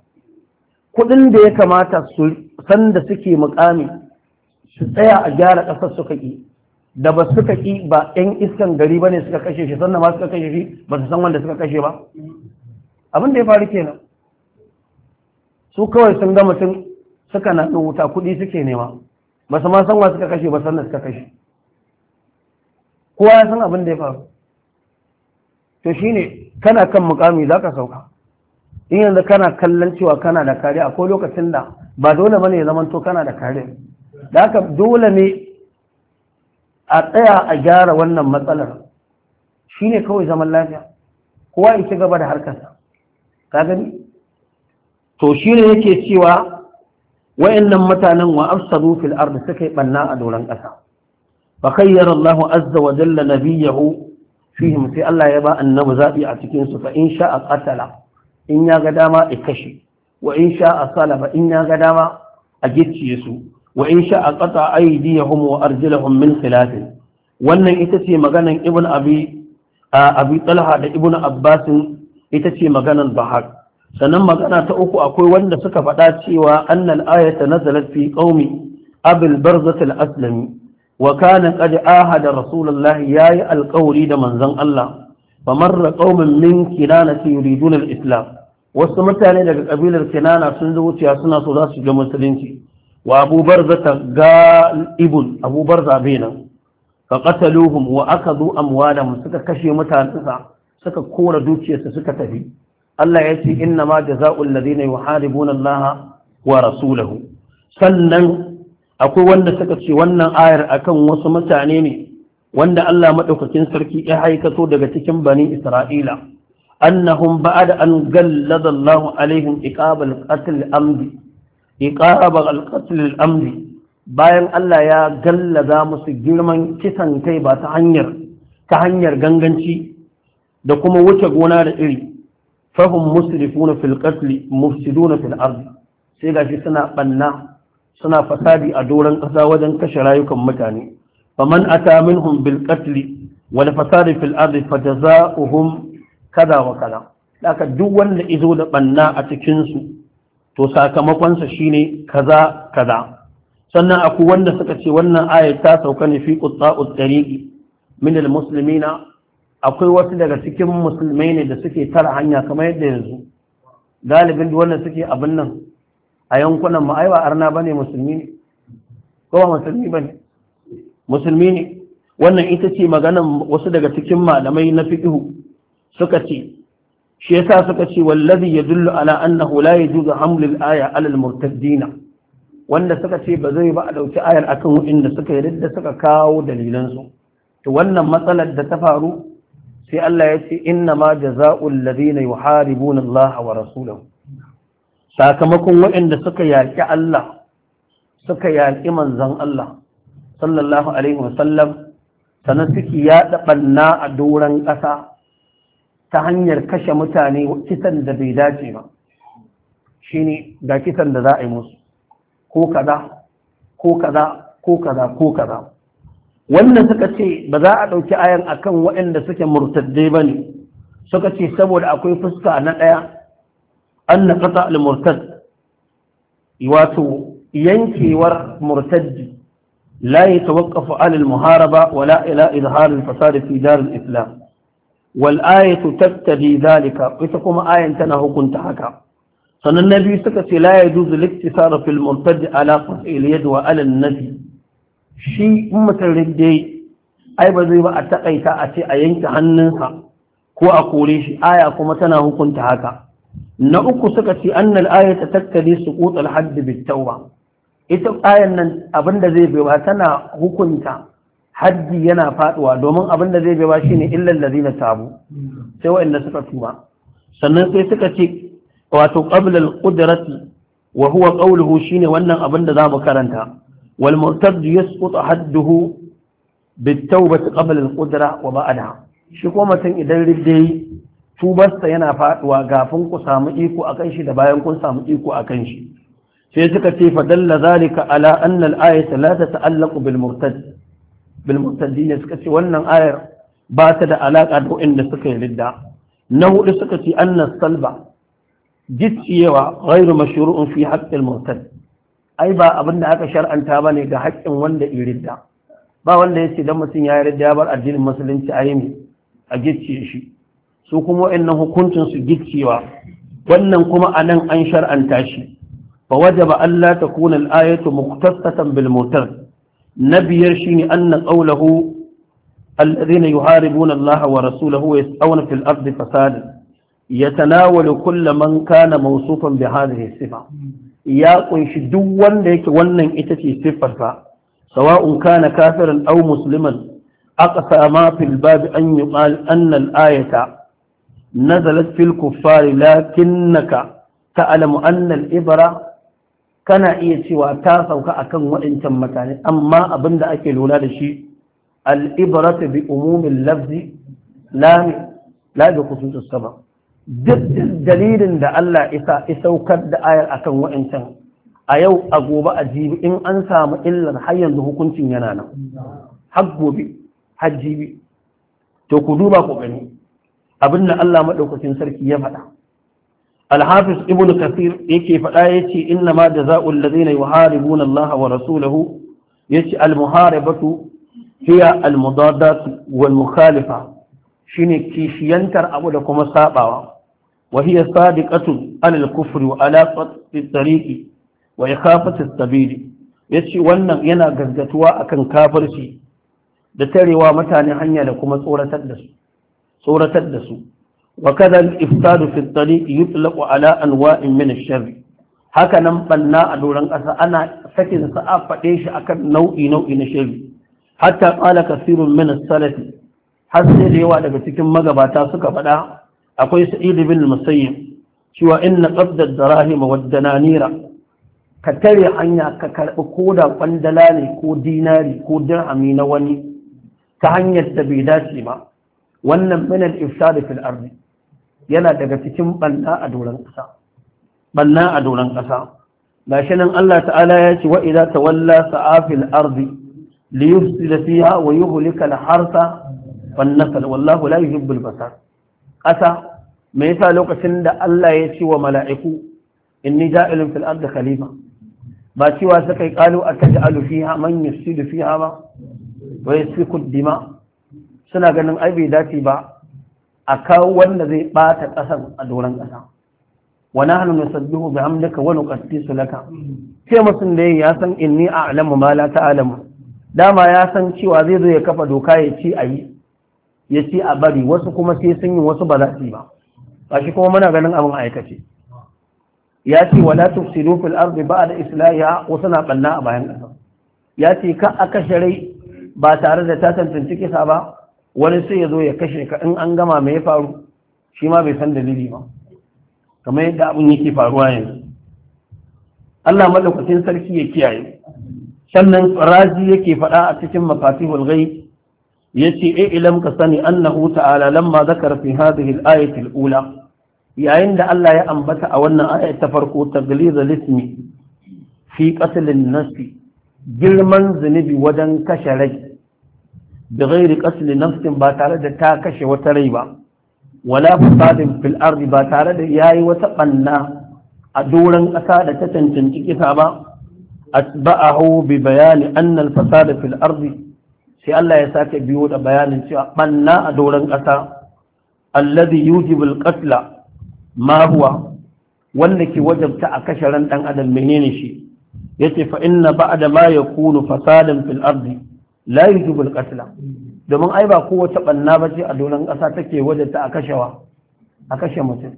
kudin da ya kamata su sanda suke mukami su tsaya a gyara ƙasar suka ƙi da ba suka ƙi ba 'yan iskan gari ba ne suka kashe shi sannan ma suka kashe shi ba su san wanda suka kashe ba abin da ya faru kenan su kawai sun ga mutum suka na wuta kuɗi suke nema ba su san wa suka kashe ba san da suka kashe kowa ya san abin da ya faru to shine kana kan mukami za ka sauka in yanzu kana kallon cewa kana da kariya akwai lokacin da ba dole bane ya zamanto kana da kariya da haka dole ne a tsaya a gyara wannan matsalar shine kawai zaman lafiya kowa ya ci gaba da harkarsa ka gani to shine yake cewa wayannan mutanen wa afsadu fil ardi suka yi banna a doron ƙasa fa khayyara Allahu azza wa jalla nabiyahu fihim sai Allah ya ba annabi zabi a cikin su fa in sha'a qatala in ya ga dama ya kashe wa in sha'a salaba in ya ga dama a gicciye su wa in sha'a qata aydiyahum wa arjulahum min khilaf wannan ita ce maganan ibn abi abi talha da ibn abbas ita ce maganan bahar sannan magana ta uku akwai wanda suka faɗa cewa annal ayata nazalat fi qaumi abul barzatul aslami wa kana qad ahada rasulullahi yayi alƙawari da manzon Allah famarra qaumin min kinana yuridun al-islam wasu mutane daga kabilar kinana sun zo wuciya suna so za su ga musulunci wa abu barzata galibun abu barza nan. ka qataluhum wa akadu amwalahum suka kashe mutanensa suka kora dukiyarsa suka tafi Allah ya ce inna ma jaza'ul ladina yuharibuna Allah wa rasulahu sannan akwai wanda suka ce wannan ayar akan wasu mutane ne wanda Allah madaukakin sarki ya haikato daga cikin bani Isra'ila annahum ba'ada an gallada Allah alaihim iqabal qatl amdi al qatl amdi bayan Allah ya gallaza musu girman kisan kai ba ta hanyar ta hanyar ganganci da kuma wuce gona da iri fahim musrifuna fil qatl mufsiduna fil ard sai gashi suna banna suna fasadi a doron ƙasa wajen kashe rayukan mutane faman ata minhum bil qatl wal fasadi fil ard fajaza'uhum kada wa kada. haka duk wanda izo da banna a cikin su to sakamakonsa shine kaza kaza sannan akwai wanda suka ce wannan aya ta sauka ne fi qutta'ut tariqi min al muslimina akwai wasu daga cikin musulmai ne da suke tara hanya kamar yadda yanzu galibin duk wanda suke abin nan a yankunan mu ai ba arna bane musulmi ne ko ba musulmi bane musulmi ne wannan ita ce maganan wasu daga cikin malamai na fiqhu suka ce shi yasa suka ce wallazi yadullu ala annahu la yajuzu hamlul aya ala al-murtaddina wanda suka ce ba zai ba a dauki ayar akan wanda suka yarda suka kawo dalilan su to wannan matsalar da ta faru sai Allah ya ce inna ma jaza'ul ladina yuharibuna Allah wa rasulahu sakamakon waɗanda suka yaƙi Allah suka yaƙi manzon Allah sallallahu alaihi wasallam sannan suke yaɗa ɓanna a doron ƙasa ta hanyar kashe mutane kisan da bai dace ba shine ga kisan da za a yi musu ko kaza ko kaza ko kaza ko kaza wannan suka ce ba za a ɗauki ayan akan waɗanda suke murtadde ba ne suka ce saboda akwai fuska na ɗaya an na ƙasa al-murtad wato yankewar murtaddi la ya tawakkafu alal muharaba wala ila izharil fasad fi daril islam wal ayatu tattabi zalika ita kuma ayan tana hukunta haka sannan biyu suka ce la yajuzu liktisara fil murtad ala qatil wa ala nabi shi in mutum ai ba zai ba a takaita a ce a yanke hannunsa ko a kore shi aya kuma tana hukunta haka na uku suka ce annal ayata tattali suqut al-hadd bit-tawba ita ayan nan abinda zai bai ba tana hukunta haddi yana faduwa domin abinda zai bai ba shine illal ladina tabu sai wa'anda suka tuba sannan sai suka ce wato qabla al-qudrati wa huwa qawluhu shine wannan abinda zamu karanta والمرتد يسقط حده بالتوبة قبل wa ba'adaha. shi ko mutum idan ridde tubarta yana faɗuwa, gafin ku samu iko akan shi da bayan kun samu iko akan shi sai suka ce fa dalla zalika ala anna al-ayata la tata'allaqu bil suka ce wannan ayar ba ta da alaka da inda suka yi ridda na hudu suka ce anna salba gicciyewa ghairu mashru'un fi haqqil murtad ai ba abin da aka shar'anta ba ne ga haƙƙin wanda iridda ba wanda ya ce don mutum ya yarda ya bar addinin musulunci a yi a gicciye shi su kuma wa'annan hukuncin su gicciyewa wannan kuma a nan an shar'anta shi fa ba, Allah ta kuna al'ayatu muktasatan bil mutar na biyar shine anna qawluhu alladhina yuharibuna Allah wa rasulahu yas'awna fil ardi fasadan yatanawalu kullu man kana mawsufan bi hadhihi sifa ya kunshi duk wanda yake wannan ita ce siffarsa sawa'un kana kafiran aw musliman aqsa ma fil bab an yuqal anna al ayata nazalat fil kuffari lakinnaka ta'lamu anna al ibra kana iya cewa ta sauka akan waɗancan mutane amma abinda ake lura da shi al ibratu bi umumil lafzi la la bi khususus sabab dalilin da Allah isa isaukar da ayar akan waɗancan a yau a gobe a jibi in an samu illar har yanzu hukuncin yana nan har gobe har jibi to ku duba ku gani Allah madaukakin sarki ya faɗa الحافظ ابن كثير يكي فلا يتي إنما جزاء الذين يحاربون الله ورسوله يتي المحاربة هي المضادات والمخالفة kishiyantar كيشينتر da kuma السابعة وهي صادقة على الكفر وعلى قطع الطريق وإخافة السبيل yace wannan yana gaggatuwa akan kafirci da tarewa mutane hanya da kuma tsoratar da su tsoratar da su wa kadha al-iftadu fi at-tariq yutlaqu ala anwa'in min ash-sharr haka nan banna a doron ƙasa ana sakin sa a fade shi akan nau'i nau'i na sharri hatta qala kathirun min as-salaf har sai da yawa daga cikin magabata suka faɗa akwai Sa'idu bin musayyib cewa inna qabda darahim wa dananira ka tare hanya ka karɓi ko da ne ko dinari ko dirhami na wani ta hanyar da bai dace ba wannan min ifsa da fil yana daga cikin banna a doran kasa banna a nan Allah ta'ala ya ce wa ta walla sa'afil ardi da fiha wa yuhlika harsa wan wallahu la yuhibbul basar ƙasa me yasa lokacin da Allah ya ce wa mala'iku inni ja'ilun fil da Kalima. ba cewa suka yi qalu ataj'alu fiha man yusidu fiha ba wa su kuddima suna ganin ai bai dace ba a kawo wanda zai bata ƙasan a doron ƙasa wa nahnu nusabbihu wani wa su laka sai musun da ya san inni a a'lamu ma la alamu dama ya san cewa zai zo ya kafa doka ya a ayi ya ce a bari wasu kuma sai sun yi wasu ba za su yi ba ba shi kuma muna ganin abin aikace ya ce wala tufsidu fil ardi ba'da islahiha wasu na banna a bayan ƙasa ya ce ka aka kashe ba tare da ta tantance kisa ba wani sai yazo ya kashe ka in an gama mai faru shi ma bai san dalili ba kamar yadda abin yake faruwa yanzu Allah madaukakin sarki ya kiyaye sannan razi yake faɗa a cikin mafatihul ghaib yace ce eh ilam ka sani annahu ta'ala lamma zakara fi hadhihi al-ayati al-ula yayin da Allah ya ambata a wannan aya ta farko tagliza lismi fi qatl an-nafsi girman zunubi wajen kashe rai bi ghairi qatl nafsin ba tare da ta kashe wata rai ba wala fasadin fil ba tare da yayi wata banna a doron ƙasa da ta cancanci kisa ba asba'ahu bi bayani anna al-fasada fil ardi sai Allah ya sake biyo da bayanin cewa banna a doron ƙasa alladhi yujibul qatla ma huwa wanda ke wajabta a kashe ran adam menene shi yace fa inna ba'da ma yakunu fasadan fil ardi la yujibul qatla domin ai ba kowace banna ba ce a doron ƙasa take wajabta a kashewa a kashe mutum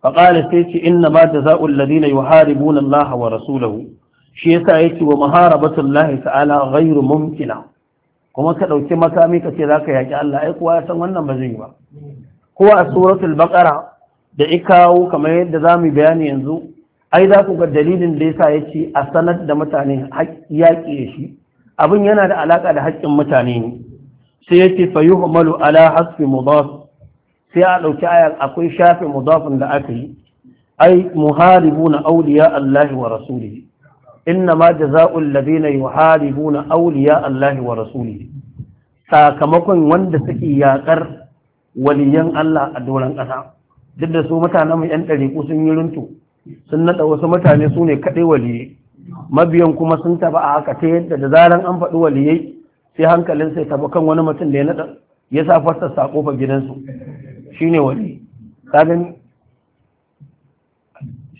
فقال سيتي إنما جزاء الذين يحاربون الله ورسوله shi yasa yake wa maharabatun lahi ta'ala ghairu mumkina kuma ka ɗauki makami ka ce za ka yaƙi Allah ai kuwa ya san wannan ba zai yi ba kowa a suratul baqara da ikawo kamar yadda za mu bayani yanzu ai za ku ga dalilin da yasa ya ce a sanar da mutane yaƙi da shi abin yana da alaƙa da haƙƙin mutane ne sai ya ce fa yuhmalu ala hasfi mudaf sai a ɗauki ayar akwai shafin mudafin da aka yi ai muharibuna awliya Allah wa rasulihi إنما جزاء الذين يحاربون أولياء الله ورسوله sakamakon wanda suke yakar waliyan Allah a doron ƙasa duk da su mutane mai yan ɗariƙu sun yi runtu sun naɗa wasu mutane su ne kaɗai waliyai mabiyan kuma sun taɓa a haka ta yadda da zaran an faɗi waliyai sai hankalin sai taɓa kan wani mutum da ya naɗa ya sa fasta sa ƙofa gidansu shine wali ka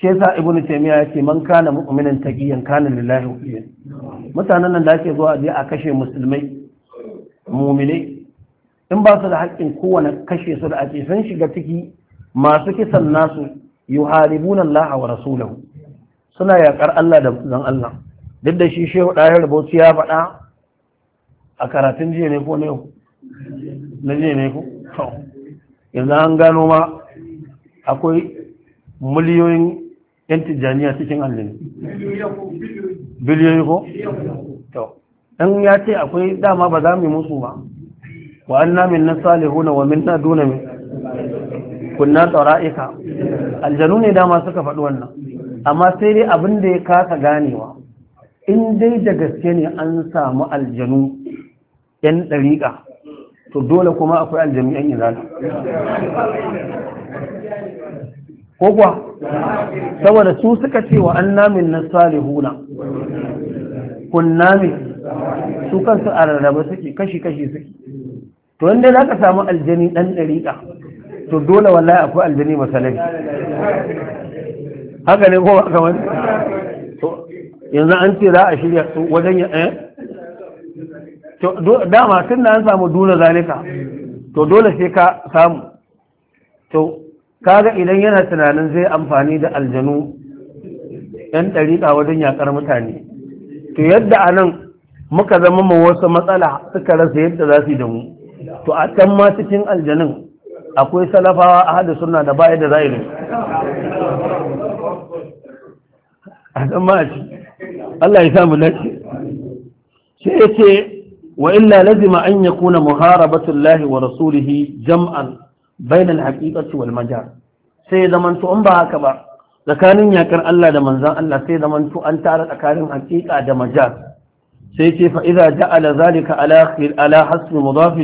shi yasa ibn taymiya yake man kana mu'minan taqiyan kana lillahi waliyan mutanen nan da ake zuwa je a kashe musulmai mu'minai in ba su da haƙƙin kowane kashe su da ake san shiga ciki masu kisan nasu yuharibuna Allah wa rasulahu suna yakar Allah da zan Allah duk da shi shehu da rubutu ya faɗa a karatun jiya ne ko ne na jiya ne ko yanzu an gano ma akwai miliyoyin yan tijjaniya cikin allin biliyoyi ko? to ɗan ya ce akwai dama ba za mu yi musu ba wa an namin na salihuna wa min duna mai kunna tsara'ika aljanu ne dama suka faɗi wannan amma sai dai abin da ya kasa ganewa in dai da gaske ne an samu aljanu yan ɗariƙa to dole kuma akwai aljanu yan izala ko kuwa saboda su suka ce wa annamin na salihuna kunna min su kansu a rarraba suke kashi-kashi suke to wanda za ka samu aljani ɗan ɗariƙa to dole wallahi akwai aljani masalai haka ne ko haka wani yanzu an ce za a shirya wajen ya ɗaya eh? dama tun da an samu duna zalika to dole sai ka samu to kaga idan yana tunanin zai amfani da aljanu ɗan ɗariƙa wajen yaƙar mutane to yadda a nan muka zama ma wasu matsala suka rasa yadda za su yi da mu to a can ma cikin aljanun akwai salafawa a hada suna da baya da za a can ma ci Allah ya samu lafi shi ya ce wa illa lazima an yakuna muharabatullahi wa rasulihi jam'an bainal haqiqati wal majar sai zaman to ba haka ba tsakanin yakar Allah da manzan Allah sai zaman to an tara tsakanin haƙiƙa da majar sai ce fa idza ja'ala zalika ala khil ala hasb mudaf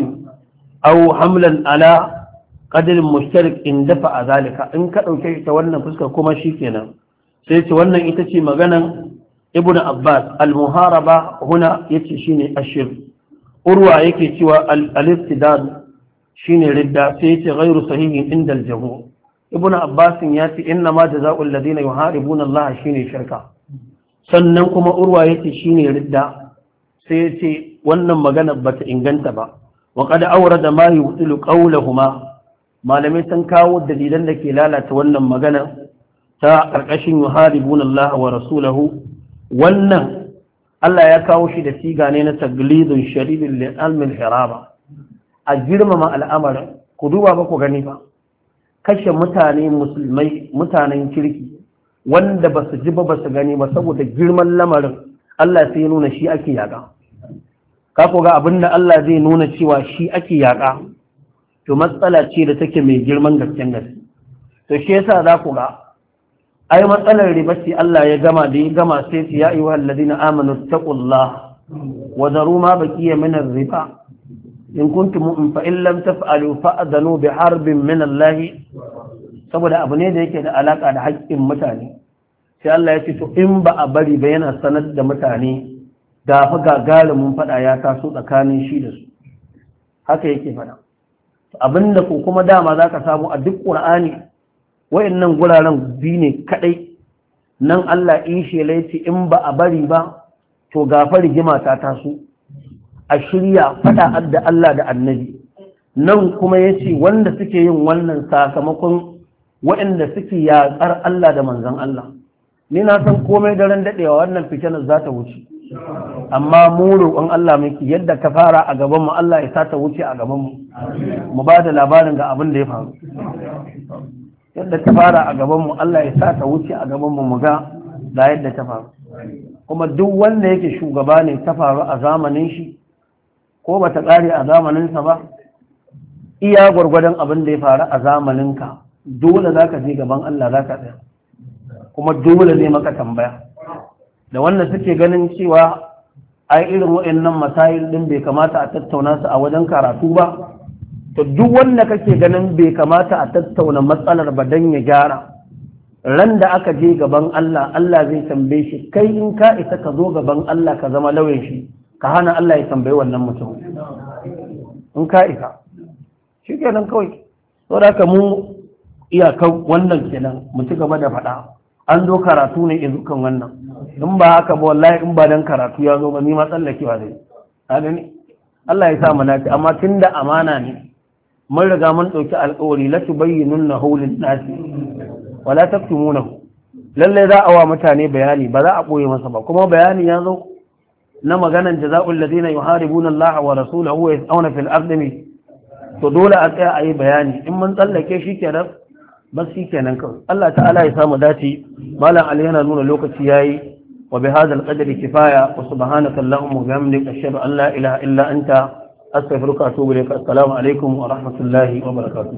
aw hamlan ala qadr mushtarik in dafa zalika in ka dauke ta wannan fuska kuma shikenan sai ce wannan ita ce maganan ibnu abbas al muharaba huna yace shine ashir urwa yake cewa al istidad shine ridda sai yace ghairu sahihin inda al-jumhur ibn abbas ya ce inna ma jazaa'ul ladina yuharibuna allaha shine shirka sannan kuma urwa yace shine ridda sai yace wannan magana bata inganta ba wa qad awrada ma yutilu qawluhuma malamai sun kawo dalilan da ke lalata wannan magana ta karkashin yuharibuna allaha wa rasulahu wannan Allah ya kawo shi da siga ne na taglidun sharidin lil almin hiraba a girmama al'amarin ku duba ba ku gani ba kashe mutane musulmai mutanen kirki wanda ba su ji ba ba su gani ba saboda girman lamarin Allah sai ya nuna shi ake yaƙa ka ku ga abin da Allah zai nuna cewa shi ake yaƙa to matsala ce da take mai girman gasken gaske to shi yasa za ku ga ai matsalar riba ce Allah ya gama da ya gama sai su ya ayyuhal ladina amanu taqullah wa zaru ma baqiya min riba in kuntum mu'min fa in lam taf'alu fa'danu bi harbin min Allah saboda abu ne da yake da alaka da haƙƙin mutane sai Allah ya ce to in ba a bari ba yana sanar da mutane da fa gagarumin fada ya taso tsakanin shi da su haka yake fada abinda ko kuma dama zaka samu a duk Qur'ani wayannan guraren bi ne kadai nan Allah in shi ce in ba a bari ba to gafar rigima ta taso a shirya faɗa da Allah da annabi nan kuma ya ce wanda suke yin wannan sakamakon waɗanda suke yaƙar Allah da manzan Allah ni na san komai daren daɗewa wannan na za ta wuce amma mu roƙon Allah miki yadda ka fara a gaban mu Allah ya sata wuce a gaban mu mu ba da labarin ga abin da ya faru yadda ta fara a gaban mu Allah ya sata wuce a gaban mu mu ga da yadda ta faru kuma duk wanda yake shugaba ne ta faru a zamanin shi ko ba ta ƙare a zamaninsa ba iya gwargwadon abin da ya faru a zamaninka dole za ka je gaban Allah za ka tsaya kuma dole zai maka tambaya da wanda suke ganin cewa ai irin wa'in nan masayin ɗin bai kamata a tattauna su a wajen karatu ba to duk wanda kake ganin bai kamata a tattauna matsalar ba dan ya gyara ran da aka je gaban Allah Allah zai tambaye shi kai in ka isa ka zo gaban Allah ka zama lauyan shi ka hana Allah ya tambayi wannan mutum in ka isa shi kenan kawai So da mu iyakar wannan kenan mu ci gaba da faɗa an zo karatu ne in kan wannan in ba haka ba wallahi in ba dan karatu ya zo ba ni ma tsallakewa zai haka ne Allah ya sa mu nafi amma tunda amana ne mun riga mun ɗauki alƙawari la tubayyinun na hulin nasi wala taktumuna lalle za a wa mutane bayani ba za a ɓoye masa ba kuma bayani ya zo na maganan jaza'ul ladina yuharibuna Allah wa rasulahu wa yas'una fil ardi to dole a tsaya a yi bayani in mun tsallake shi kenan bas shi kenan Allah ta'ala ya samu dace malam Ali yana nuna lokaci yayi wa bi hadha al-qadri kifaya wa subhanaka allahumma wa bihamdika ashhadu an la ilaha illa anta astaghfiruka wa atubu ilayk assalamu alaikum wa rahmatullahi wa barakatuh